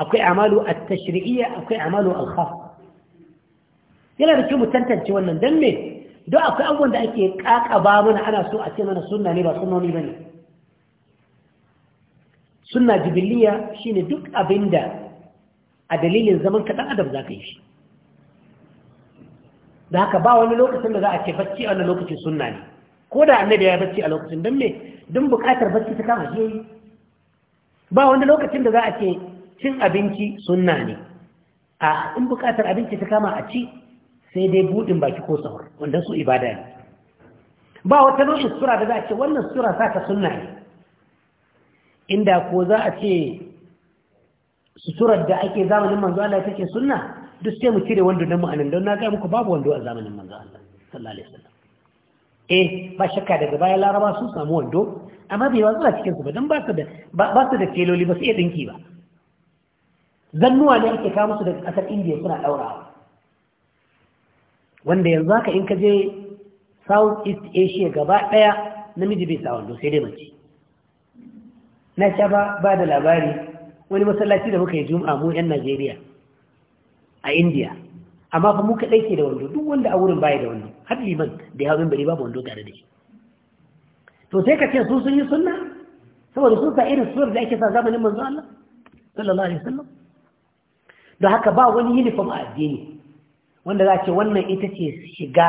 [SPEAKER 1] akwai a'malu at-tashri'iyya akwai a'malu al-khass yana da kyau mu tantance wannan dan me don akwai abubuwan da ake kakaba mana ana so a ce mana suna ne ba sunnoni ba ne sunna jibiliya ne duk abin da a dalilin zaman kaɗan adam za ka yi shi da haka ba wani lokacin da za a ce bacci a wani lokacin sunna ne ko da annabi ya bacci a lokacin don me don buƙatar bacci ta kama shi ba wani lokacin da za a ce cin abinci sunna ne a in buƙatar abinci ta kama a ci sai dai buɗin baki ko sahur wanda su ibada ne ba wata nau'in sura da za a ce wannan sura sa ta sunna ne inda ko za a ce sutura da ake zamanin manzo Allah take sunna duk sai mu cire wando nan mu don na ga muku babu wando a zamanin manzo Allah sallallahu alaihi wasallam eh ba shakka daga baya laraba su samu wando amma bai a cikin su ba dan ba su da ba su da teloli ba su iya dinki ba zannuwa ne ake kawo musu daga kasar indiya suna daurawa wanda yanzu haka in ka je south east asia gaba ɗaya namiji bai sa wando sai dai mace na sha ba da labari wani masallaci da muka yi juma'a mu 'yan najeriya a india amma fa mu kaɗai ke da wando duk wanda a wurin baya da wando har liman da ya bari babu wando tare da shi to sai ka ce su sun yi sunna saboda sun sa irin suwar da ake sa zamanin manzo Allah sallallahu alaihi wasallam don haka ba wani uniform a addini wanda za ce wannan ita ce shiga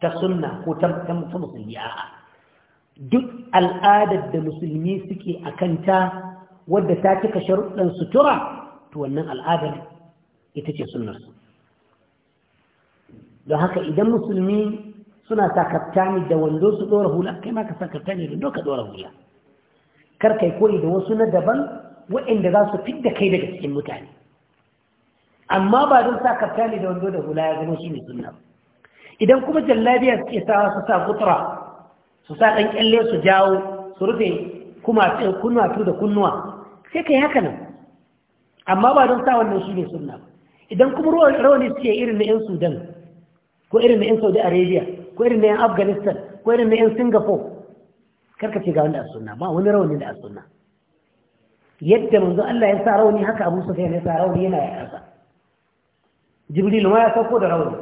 [SPEAKER 1] ta sunna ko ta musulmi a'a duk al'adar da musulmi suke a kanta wadda ta cika sharuɗan sutura to wannan al'adar ita ce sunnarsu don haka idan musulmi suna sa ne da wando su ɗora hula kai ma ka sa ne da doka ɗora hula kar kai koyi da wasu na daban waɗanda za su fidda kai daga cikin mutane amma ba don sa ne da wando da hula ya zama shi ne sunna idan kuma jallabiya suke sawa su sa kutura su sa ɗan kyalle su jawo su rufe kuma tu da kunnuwa sai ka yi haka nan amma ba don sa wannan shi ne sunna idan kuma rawani suke irin na 'yan sudan ko irin na 'yan saudi arabia ko irin na 'yan afghanistan ko irin na 'yan singapore karka ce ga wanda a sunna ba wani rawani da a sunna yadda manzo Allah ya sa rauni haka Abu Sufyan ya sa rauni yana ya kasa jibril ma ya sauko da rauni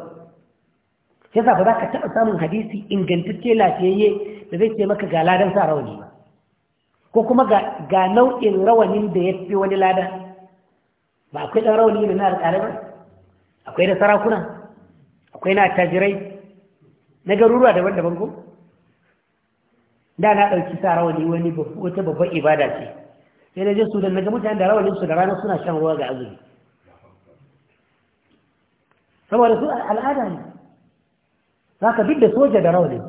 [SPEAKER 1] yasa ba za ka taɓa samun hadisi ingantacce lafiyayye da zai ce maka ga ladan sa rauni ba ko kuma ga nau'in rawanin da ya fi wani ladan ba akwai ɗan rauni da na alƙalai ba akwai da sarakuna akwai na tajirai na garuruwa daban-daban ko da na ɗauki sa rawani wani wata babban ibada ce sai na je su da na ga mutane da su da rana suna shan ruwa ga azumi saboda su al'ada ne za ka fidda soja da rawanin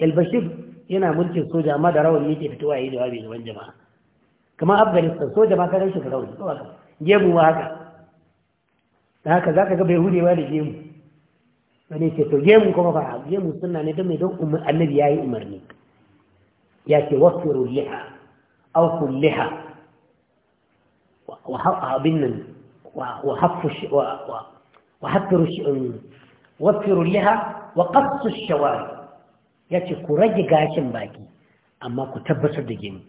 [SPEAKER 1] albashir yana mulkin soja amma da rawanin yake fitowa ya yi jawabi gaban jama'a kamar afghanistan soja ma kanar shi da rawanin ko haka gemu ma haka da haka za ka ga bai hudewa da gemu wani ce to gemu kuma ba gemu suna ne don mai don annabi ya yi umarni ya ce wasu liha au kulliha wa abin nan wa وحفروا وفروا لها وقصوا الشوارع yace ku rage gashin baki amma ku tabbatar da gemu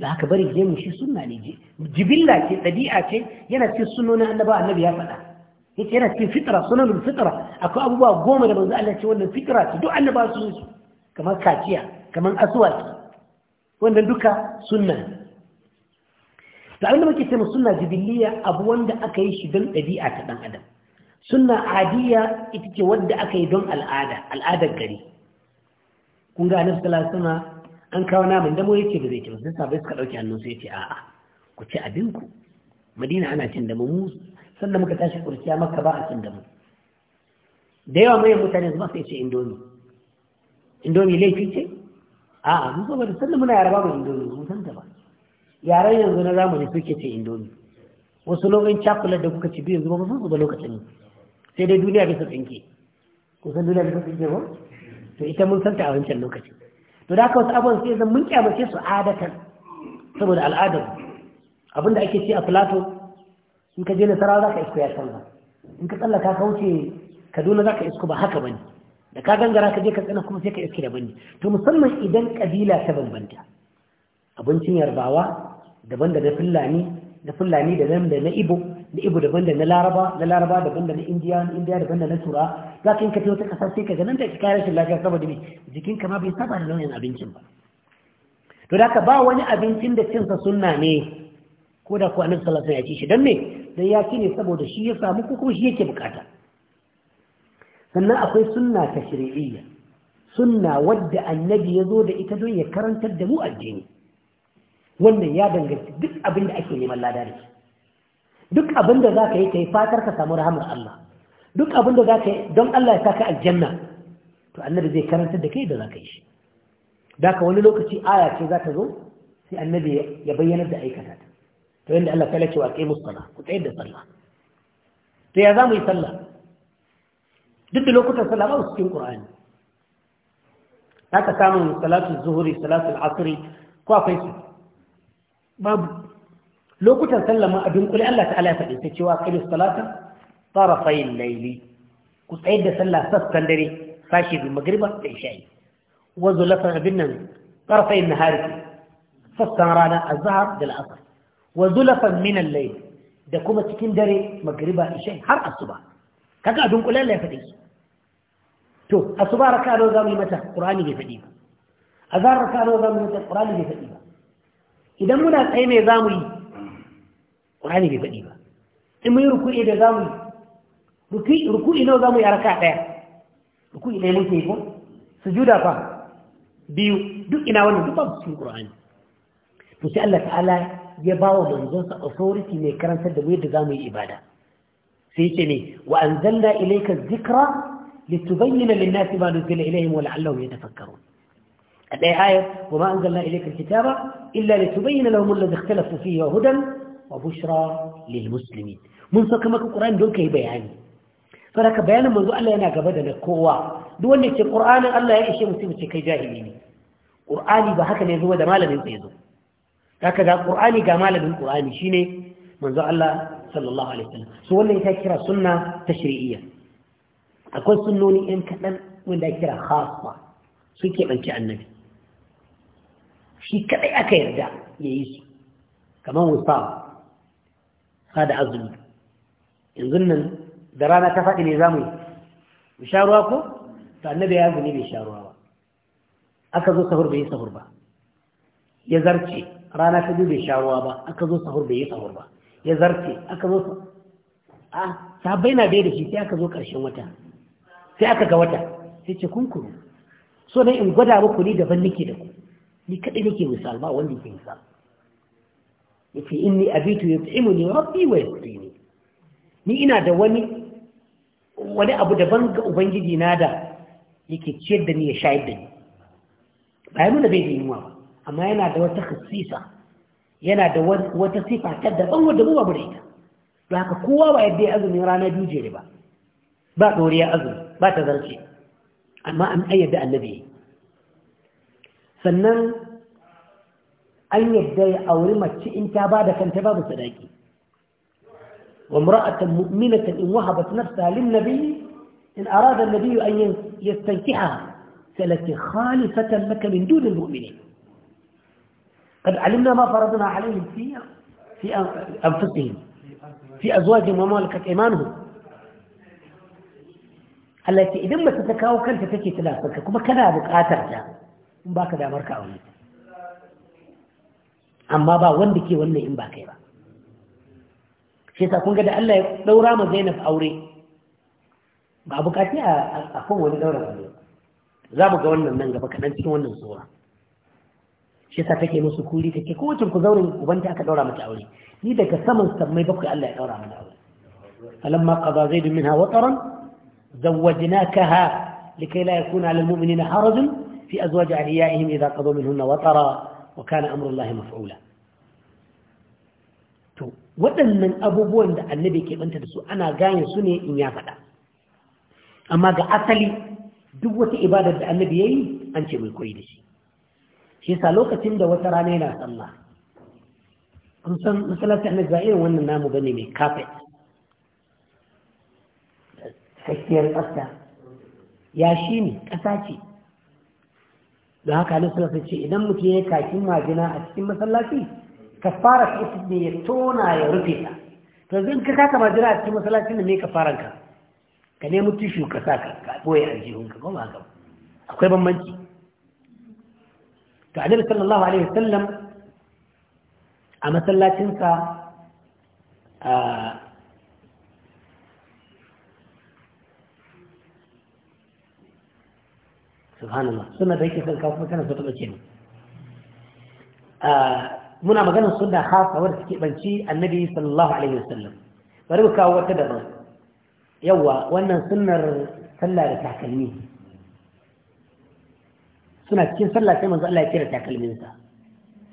[SPEAKER 1] da haka bari gemu shi sunna ne jibilla ce ɗabi'a ce yana cin sunnonin annaba annabi ya faɗa yace yana cin fitra sunanul fitra akwai abubuwa goma da manzo Allah ce wannan fitra ce duk annaba su kamar kaciya kamar aswaki wannan duka sunna to da muke cewa sunna jibiliya abu wanda aka yi shi don ɗabi'a ta ɗan adam sunna adiya ita ce wadda aka yi don al'ada al'adar gari kun ga annabi sallallahu alaihi an kawo naman damo yace ba zai ce ba sai sabai suka dauki hannun su yace a'a ku ci abin ku madina ana cin da mu sannan muka tashi kurciya makka ba a cin da mu. da yawa mai mutane ba sai ce indomi indomi laifi ce a'a mun so ba da sannan muna yaraba ba indomi mun san ta ba yaren yanzu na zamani suke ce indomi wasu lokacin cakulat da kuka ci biyu yanzu ba san su ba lokacin sai dai duniya bisa tsinke kusan duniya bisa tsinke ba to ita mun santa a wancan lokaci to da aka wasu abubuwan sai zan mun kyamace su adatan saboda al'adar abinda ake ce a plato in ka je nasara za ka isko ya canza in ka tsallaka ka wuce kaduna za ka isko ba haka bane da ka gangara ka je ka tsana kuma sai ka iske da bane to musamman idan kabila ta bambanta abincin yarbawa daban da na fulani da fulani daban da na ibo na ibo daban da na laraba na laraba daban da na indiya na indiya daban da na tura za ka yi ka wata kasa sai ka ganin da ka kare rashin lafiya saboda me jikin ka ma bai saba da nau'in abincin ba to da ka ba wani abincin da cinsa sunna ne ko da kuwa annabi sallallahu alaihi wasallam ya ci shi dan me dan ya ci ne saboda shi ya samu ko kuma shi yake bukata sannan akwai sunna tashri'iyya sunna wadda annabi ya zo da ita don ya karantar da mu addini wannan ya danganci duk abin da ake neman lada da shi duk abin da za ka yi ka yi fatar ka samu rahamar Allah duk abin da za ka yi don Allah ya sa ka aljanna to annabi zai karanta da kai da za ka yi shi da ka wani lokaci aya ce za ta zo sai annabi ya bayyana da aikata ta to yanda Allah ta lace wa kai musala ku tsayar da sallah to ya za mu yi sallah duk da lokutan sallah ba su cikin qur'ani haka samun salatu zuhuri salatu al ko akwai su babu lokutan sallama abin dunkule Allah ta'ala ya faɗi ta cewa kai salata tarafayin laili ku tsayar da sallah sassan dare sashi bi magriba da isha'i wa zulafan abin nan tarafayin nahari sassan rana azhar da al'asr wa zulafan min al-layl da kuma cikin dare magriba isha'i har asuba kaga abin dunkule Allah ya faɗi to asuba raka'a nawa zamu yi mata qur'ani bai faɗi ba azhar raka'a nawa zamu yi mata qur'ani bai faɗi ba idan muna tsaye mai za mu yi ƙurani bai faɗi ba in mun yi ruku'i da za mu yi ruku'i nawa za mu yi a raka ɗaya ruku'i ɗaya mun ke ko sujuda fa biyu duk ina wannan duk babu cikin ƙurani to sai Allah ta'ala ya ba wa manzonsa authority mai karantar da mu yadda za mu yi ibada sai ce ne wa an anzalna ilayka dhikra litubayyana lin-nasi ma nuzila ilayhim wa la'allahum yatafakkarun الآية وما أنزلنا إليك الكتاب إلا لتبين لهم الذي اختلفوا فيه وهدى وبشرى للمسلمين من سكما القرآن دون كي بيعاني فلك بيانا منذ ألا يناك بدل القوة دون أن القرآن ألا يأشي مسلمك كي جاهلين قرآني بحكا نذو هذا مالا من قيده هكذا قرآني قامالا من قرآني شيني منذ الله صلى الله عليه وسلم سوى اللي يتاكرا سنة تشريئية أقول سنوني إن كتن وإن يتاكرا خاصة سوى كي أنت عن نبي shi kadai aka yarda ya yi su kamar wusam da azumi yanzu nan da rana ta faɗi ne za mu yi mu sha ruwa ko to annabi ya azumi bai sha ruwa ba aka zo sahur bai yi sahur ba ya zarce rana ta bai sha ruwa ba aka zo sahur bai yi sahur ba ya zarce aka zo a sahabbai na bai da shi sai aka zo ƙarshen wata sai aka ga wata sai ce kunkuru so na in gwada muku ni daban nake da ku ni kaɗai nake misal ba wanda ke misal ya ce in ni abitu ya tsimu ne rabbi wa ya ne ni ina da wani wani abu daban ga ubangiji na da yake ciyar da ni ya shayar da ni ba ya nuna bai da yunwa ba amma yana da wata hasisa yana da wata sifa ta daban wadda mu babu da ita da haka kowa ba yadda ya azumin rana biyu jere ba ba ɗoriya azumi ba ta zarce amma an ayyada annabi sannan an yadda ya auri mace in ta ba da kanta babu sadaki wa mura'atan mu'minatan in wahabat nafsaha lin nabiy in arada nabiy an yastankiha salati khalifatan laka min dun al-mu'minin قد علمنا ما فرضنا عليهم في في انفسهم في ازواجهم ومالكت ايمانهم التي اذا ما ta kawo kanta take tilafarka kuma kana in ba ka damar ka aure amma ba wanda ke wannan in ba kai ba shi ta kun ga da Allah ya daura ma Zainab aure ba bukati a kan wani daura aure za mu ga wannan nan gaba kaɗan cikin wannan sura shi ta take musu kuri take ko wacce ku zaurin ubanta aka daura mata aure ni daga saman sammai bakwai Allah ya daura mana aure falamma qada zaid minha wataran zawwajnakaha likai la yakuna lil mu'minina harajun في أزواج أدعيائهم إذا قضوا منهن وطرا وكان أمر الله مفعولا to waɗannan abubuwan da annabi ke banta da su ana gane su ne in ya faɗa amma ga asali duk wata ibadar da annabi ya yi an ce mai koyi da shi shi lokacin da wata rana yana sallah An san masallaci annabi ba irin wannan namu bane mai kafet cikakkiyar tsafta, ya shi ne ƙasa ce da haka ne suna ce idan mutum ya kakin majina a cikin masallaci ka fara su ne ya tona ya rufe ta to zai ka kaka majina a cikin masallacin da me ka fara ka ka nemi tishu ka sa ka boye a jihun ka goma ka akwai bambanci to annabi sallallahu alaihi wasallam a masallacinsa subhanallah suna da yake son kawo kuma kana so taɓa ce muna maganar sunna khasa wadda suke banci annabi sallallahu alaihi wasallam bari mu kawo wata daban yawa wannan sunnar sallah da takalmi suna cikin sallah sai manzo Allah ya cire takalminsa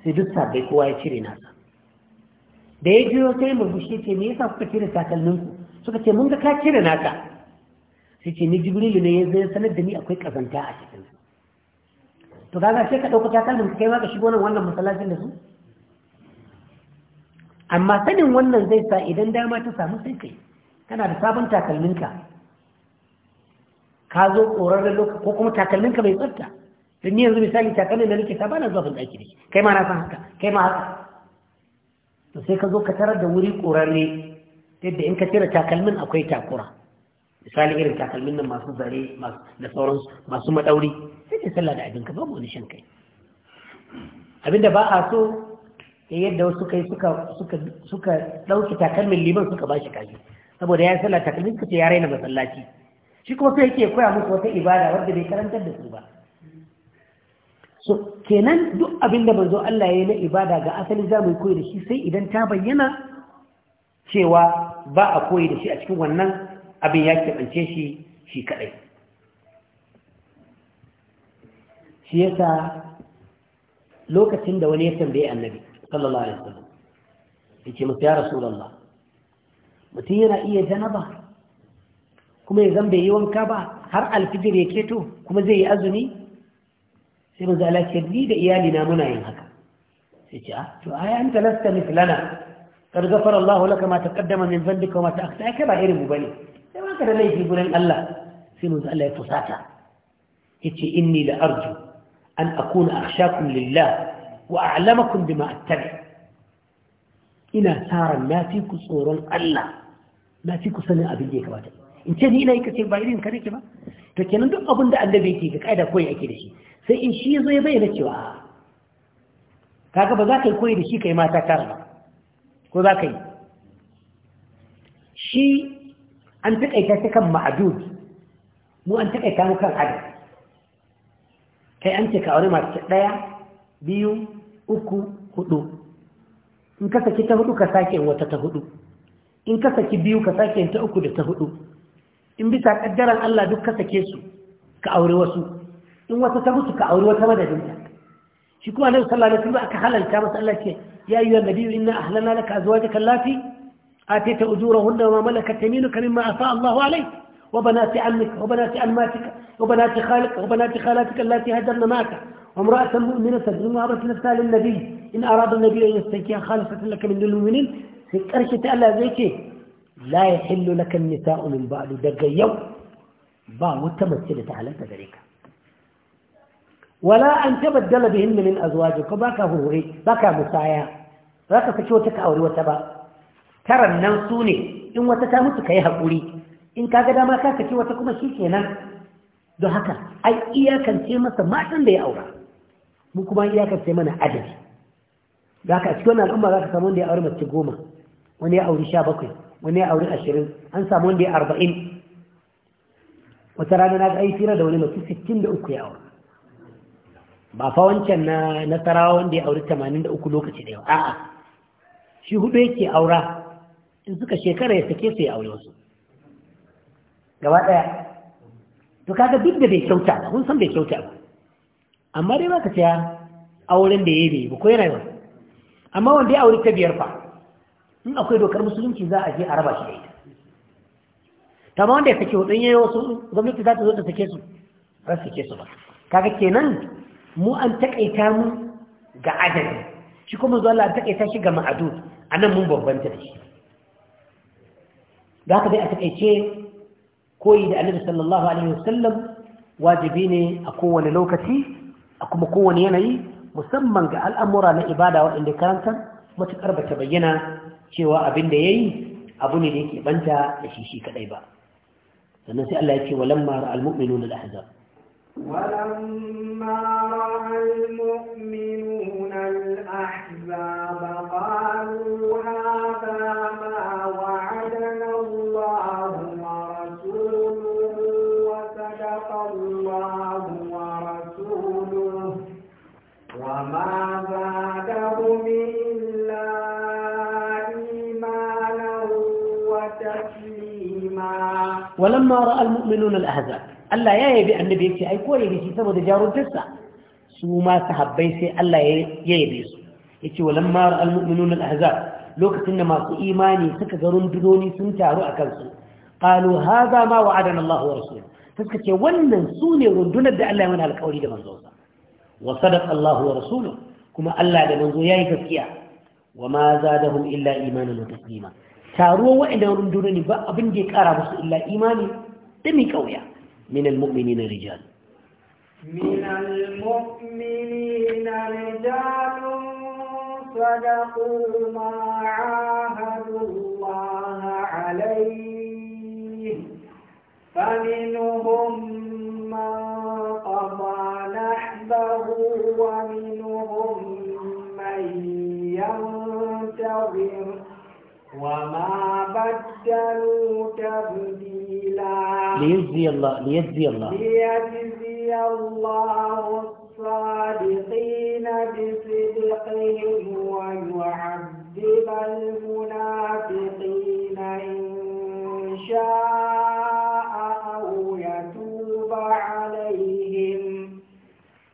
[SPEAKER 1] sai duk sabai kowa ya cire nasa da ya jiyo sai murmushi ce me yasa kuka cire takalminku suka ce mun ga ka cire naka sai ce ni jibrilu ne ya zai sanar da ni akwai kazanta a cikin su to kaga sai ka dauka takalmin kai ma ka shigo nan wannan masallacin da su amma sanin wannan zai sa idan dama ta samu sai kai kana da sabon takalminka ka zo da lokaci ko kuma takalminka bai tsafta don ni yanzu misali takalmin da nake saba na zuwa ban daki da shi kai ma na san haka kai ma haka to sai ka zo ka tarar da wuri ƙorarre yadda in ka cire takalmin akwai takura misali irin takalmin nan masu zare da sauransu masu madauri, sai ce sallah da abinka babu wani shan kai abinda ba a so ya yadda wasu kai suka ɗauki takalmin liman suka ba shi kaji saboda ya sallah takalmin suka ce ya raina masallaci shi kuma sai yake koya musu wata ibada wadda bai karantar da su ba so kenan duk abin da manzo Allah ya yi na ibada ga asali za mu koyi da shi sai idan ta bayyana cewa ba a koyi da shi a cikin wannan abin ya keɓance shi shi kaɗai shi yasa lokacin da wani ya tambaye annabi sallallahu alaihi wasallam yake masa ya rasulullah mutum yana iya janaba kuma ya zan bai yi wanka ba har alfijir ya keto kuma zai yi azumi sai manzo zala ce ni da iyali na muna yin haka sai ce ah to ai anta lasta mithlana kad ghafara Allahu laka ma taqaddama min dhanbika wa ma ta'akhkhara kai ba irin mu bane baka da laifi gurin Allah sai manzo Allah ya fusata yace inni la arju an akuna akhshakum lillah wa a'lamakum bima attabi ina tsaran na fi ku tsoron Allah na fi ku sanin abin da ya kamata in ce ni ina yi kace ba irin ka ke ba to kenan duk abin da annabi yake ga kaida koyi ake da shi sai in shi zo ya bayyana cewa kaga ba za ka yi koyi da shi kai mata kara ba ko za ka yi shi an taƙaita ta kan ma'adud mu an taƙaita mu kan adam kai an ce ka aure masu ɗaya biyu uku hudu in ka saki ta hudu ka sake wata ta hudu in ka saki biyu ka sake ta uku da ta hudu in bisa kaddaran Allah duk ka sake su ka aure wasu in wata ta musu ka aure wata madadin ta shi kuma Annabi sallallahu alaihi wasallam aka halalta masa Allah ce ya ayyuhan nabiyyu inna ahlalna laka azwajaka allati آتيت أجورهن وما ملكت يمينك مما أفاء الله عليك وبنات عمك وبنات عماتك وبنات خالك وبنات خالاتك التي هجرن معك وامرأة مؤمنة إن وهبت نفسها للنبي إن أراد النبي أن يستنكيها خالصة لك من المؤمنين في كرشة ألا لا يحل لك النساء من بعد دقى يوم با متمثلة على ذلك ولا أن تبدل بهن من أزواجك باكا هوري باكا مسايا باكا فشوتك أو روتبا Karan nan su ne in wata ta mutu ka yi haƙuri in ka ga dama ka ce wata kuma shi nan. don haka ai iyakance masa matan da ya aura mu kuma iyakance mana adadi da haka a cikin wannan al'umma za ka samu wanda ya auri mace goma wani ya auri sha bakwai wani ya auri ashirin an samu wanda ya arba'in wata rana na ga yi fira da wani mace sittin da uku ya aura ba fa wancan na nasarawa wanda ya auri tamanin da uku lokaci da yawa a'a shi hudu yake aura in suka shekara ya sake su ya aure wasu gaba ɗaya to kaga duk da bai kyauta ba mun san bai kyauta ba amma dai baka ce auren da yayi ba ko yana yi amma wanda ya aure ta biyar fa in akwai dokar musulunci za a je a raba shi da ita ma wanda ya sake hudun yayi wasu gwamnati za ta zo ta sake su ba su sake su ba kaga kenan mu an takaita mu ga adadi shi kuma zuwa Allah an takaita shi ga ma'adu anan mun bambanta da shi da haka dai a taƙaice koyi da annabi sallallahu alaihi wasallam wajibi ne a kowane lokaci a kuma kowane yanayi musamman ga al'amura na ibada waɗanda karantar matuƙar ba ta bayyana cewa abin da ya yi abu ne da yake banta da shi shi kaɗai ba sannan sai Allah ya ce walan mara al-mu'minu na al-ahzab
[SPEAKER 2] ولما رأى المؤمنون الأحزاب قالوا هذا ما وعد
[SPEAKER 1] walamma ra'a almu'minuna alahzab Allah ya yabi annabi yace ai ko yabi shi saboda jaruntarsa su ma sahabbai sai Allah ya yabe su yace walamma ra'a almu'minuna lokacin da masu imani suka ga rundunoni sun taru a kansu qalu hadha ma wa'adana Allah wa rasuluhu wannan su ne rundunar da Allah ya mana alƙawari da manzonsa wa sadaqa Allah wa rasuluhu kuma Allah da manzo yayi taskiya wa ma hu illa imanan wa taslima taruwan wa'anda rundunonin ba abin da ya kara musu illa imani da mai kauya min almu'mini na rijal
[SPEAKER 2] من المؤمنين رجال صدقوا ما عاهدوا الله عليه فمنهم من قضى نحبه ومنهم من ينتظر وما بدلوا تبديلا ليجزي الله ليجزي الله ليجزي الله الصادقين بصدقهم ويعذب المنافقين إن شاء أو يتوب عليهم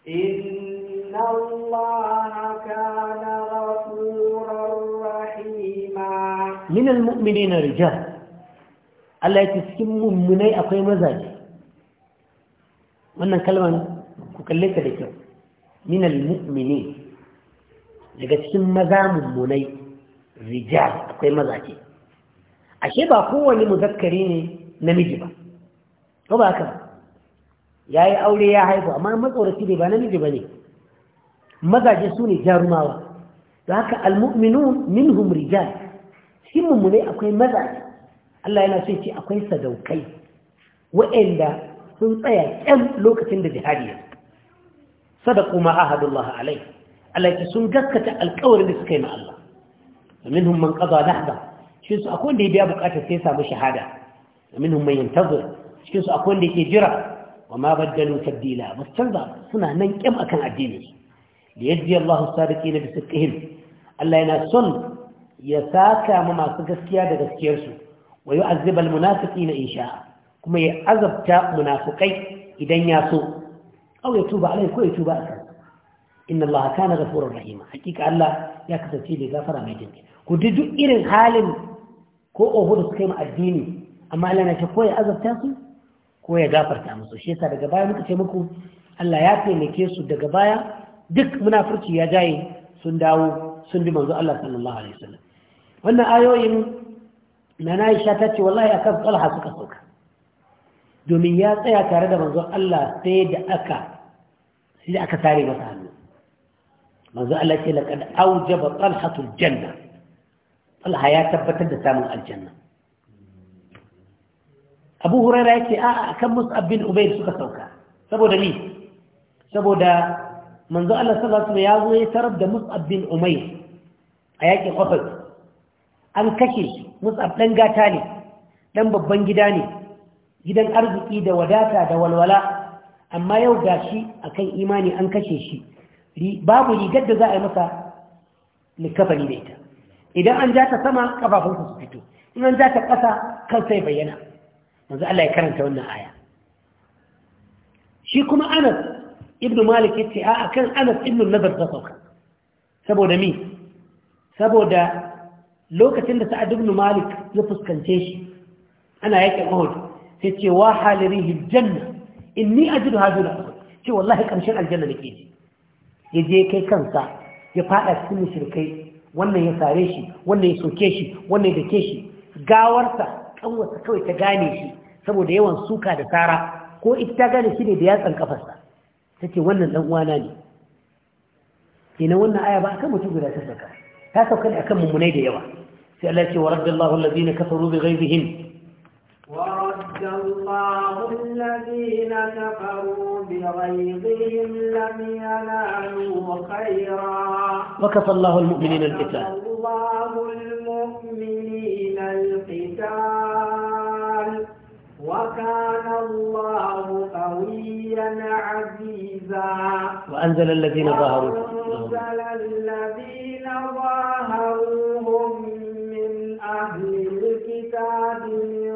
[SPEAKER 2] إن الله كان
[SPEAKER 1] min almu'minina rijal Allah ya ce cikin mummunai akwai mazaje wannan kalman ku kalle ka da kyau min almu'minin daga cikin maza mummunai rijal akwai mazaje ashe ba kowane muzakkari ne namiji ba ko ba haka ya yi aure ya haifu amma matsoraci ne ba namiji ba ne mazaje su ne jarumawa da haka almu'minun minhum rijal cikin mummunai akwai mazaje Allah yana so ce akwai sadaukai waɗanda sun tsaya ƙyan lokacin da jihadi ya sadaku ma ahadullah alai Allah ya sun gaskata alƙawarin da suka yi na Allah minhum man qada nahba cikin su akwai wanda ya biya bukatar sai samu shahada minhum man yantazir cikin su akwai wanda yake jira wa ma baddalu tabdila ba canza suna nan ƙyam akan addini su liyajzi Allah sadiqina bi sidqihim Allah yana son ya saka ma masu gaskiya da gaskiyarsu wa yi azibal munafiki na insha kuma ya azabta munafukai idan ya so au ya tuba alai ko ya tuba a kan inna Allah kana ghafurur rahima hakika Allah ya kasance mai gafara mai jinki ku duk irin halin ko ohu da suka yi addini amma Allah na ce ko ya azabta su ko ya gafarta musu shi yasa daga baya muka ce muku Allah ya taimake su daga baya duk munafurci ya jaye sun dawo sun bi manzo Allah sallallahu alaihi wasallam wannan ayoyin na Na'isha ta ce wallahi akan tsalha suka sauka domin ya tsaya tare da manzon Allah sai da aka sai da aka tare masa hannu manzon Allah ce laqad awjaba Talhatul janna Talha ya tabbatar da samun aljanna Abu Hurairah yace a kan Mus'ab bin Ubayr suka sauka saboda ni saboda manzo Allah sallallahu alaihi wasallam ya zo ya tarar da Mus'ab bin Umayr a yakin Uhud an kashe shi musab ɗan gata ne ɗan babban gida ne gidan arziki da wadata da walwala amma yau ga shi akan kan imani an kashe shi babu rigar da za a yi masa likafari da ita idan an ja ta sama ƙafafunsa su fito in an ja ta ƙasa kan sai bayyana yanzu Allah ya karanta wannan aya shi kuma anas ibn malik ya ce a kan anas ibn nazar da sauka saboda mi saboda lokacin da sa'ad ibn malik ya fuskance shi ana yake uhud sai ce wa halirihi janna inni ajidu hadura ce wallahi kamshin aljanna nake ji ya je kai kansa ya faɗa cikin shirkai wannan ya sare shi wannan ya soke shi wannan ya dake shi gawarsa kanwarsa kawai ta gane shi saboda yawan suka da tsara ko ita ta gane shi ne da yatsan kafarsa ta ce wannan dan uwana ne kenan wannan aya ba akan mutum guda ta saka ta sauka ne kan mummunai da yawa sai Allah ce wa raddallahu na kafaru bi ghayrihim
[SPEAKER 2] wa raddallahu na kafaru bi ghayrihim lam yanalu khayra
[SPEAKER 1] wa kafa Allahu almu'minina al-qital
[SPEAKER 2] Allahu almu'minina al-qital وكان الله قويا عزيزا وأنزل الذين ظاهروا وأنزل الذين ظهروهم من أهل الكتاب من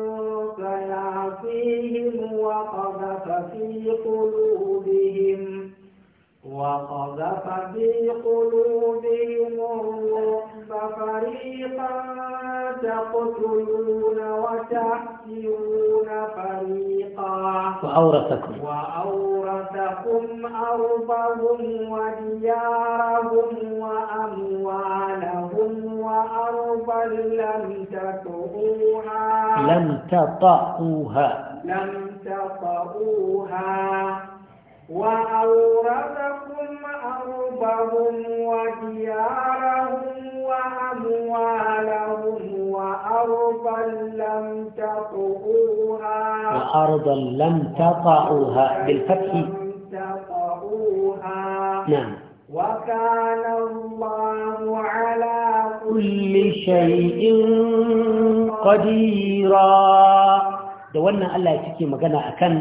[SPEAKER 2] صياصيهم وقذف في قلوبهم وقذف في قلوبهم الرعب فريقا تقتلون وتحيون فريقا وأورثكم وأورثكم أرضهم وديارهم وأموالهم وأرضا لم تطئوها لم تطئوها لم تطئوها وأورثكم أرضهم وديارهم وأموالهم وأرضا لم تطئوها وأرضا
[SPEAKER 1] لم تطعوها بالفتح لم
[SPEAKER 2] تطعوها نعم وكان الله على كل
[SPEAKER 1] شيء قديرا da wannan Allah ya أكن magana akan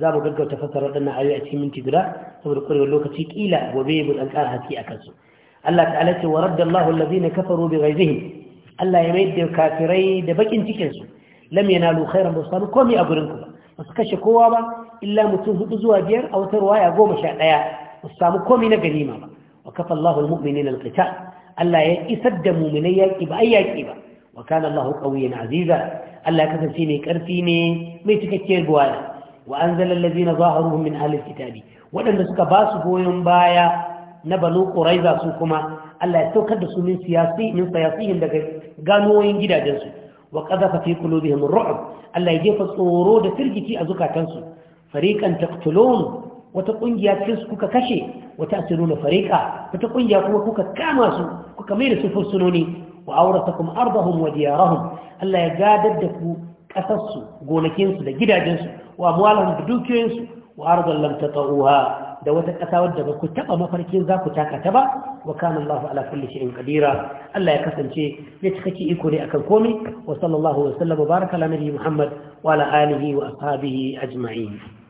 [SPEAKER 1] za mu gaggauta fassara waɗannan ayoyi a cikin minti guda saboda ƙwarewar lokaci ƙila gobe mu ɗan ƙara haske a kansu Allah ta'ala ce wa radda Allahu allazina kafaru bi ghaizihim Allah ya mai da kafirai da bakin cikin su lam yanalu khairan ba su komai a gurin ku ba su kashe kowa ba illa mutum hudu zuwa biyar a wata ruwaya goma sha ɗaya ba su samu komai na ganima ba wa kafa Allahu na alqital Allah ya isar da mu'minai yaki ba ai yaƙi ba wa kana Allahu qawiyyan aziza Allah ya kasance mai karfi ne mai cikakkiyar wa anzala allazina zaharuhum min ahli alkitabi wadanda suka basu goyon baya na banu quraiza kuma Allah ya saukar da su min siyasi min siyasihim daga ganoyin gidajensu wa qadhafa fi qulubihim ar Allah ya jefa tsoro da firgici a zukatansu fariqan taqtulun wata kungiya cikin kuka kashe wata asiruna farika wata ƙungiya kuma kuka kama su kuka mai da su fursunoni wa auratakum ardahum wa diyarahum Allah ya gadar da ku kasarsu gonakinsu da gidajensu wa amwalahum da dukiyoyinsu wa ardan lam tatawuha da wata ƙasa wadda ba ku taɓa mafarkin za ku taka ta ba wa kana Allah ala kulli shay'in qadira Allah ya kasance ya ki iko ne akan komai wa sallallahu wa sallama baraka ala nabiyyi Muhammad wa ala alihi wa ashabihi ajma'in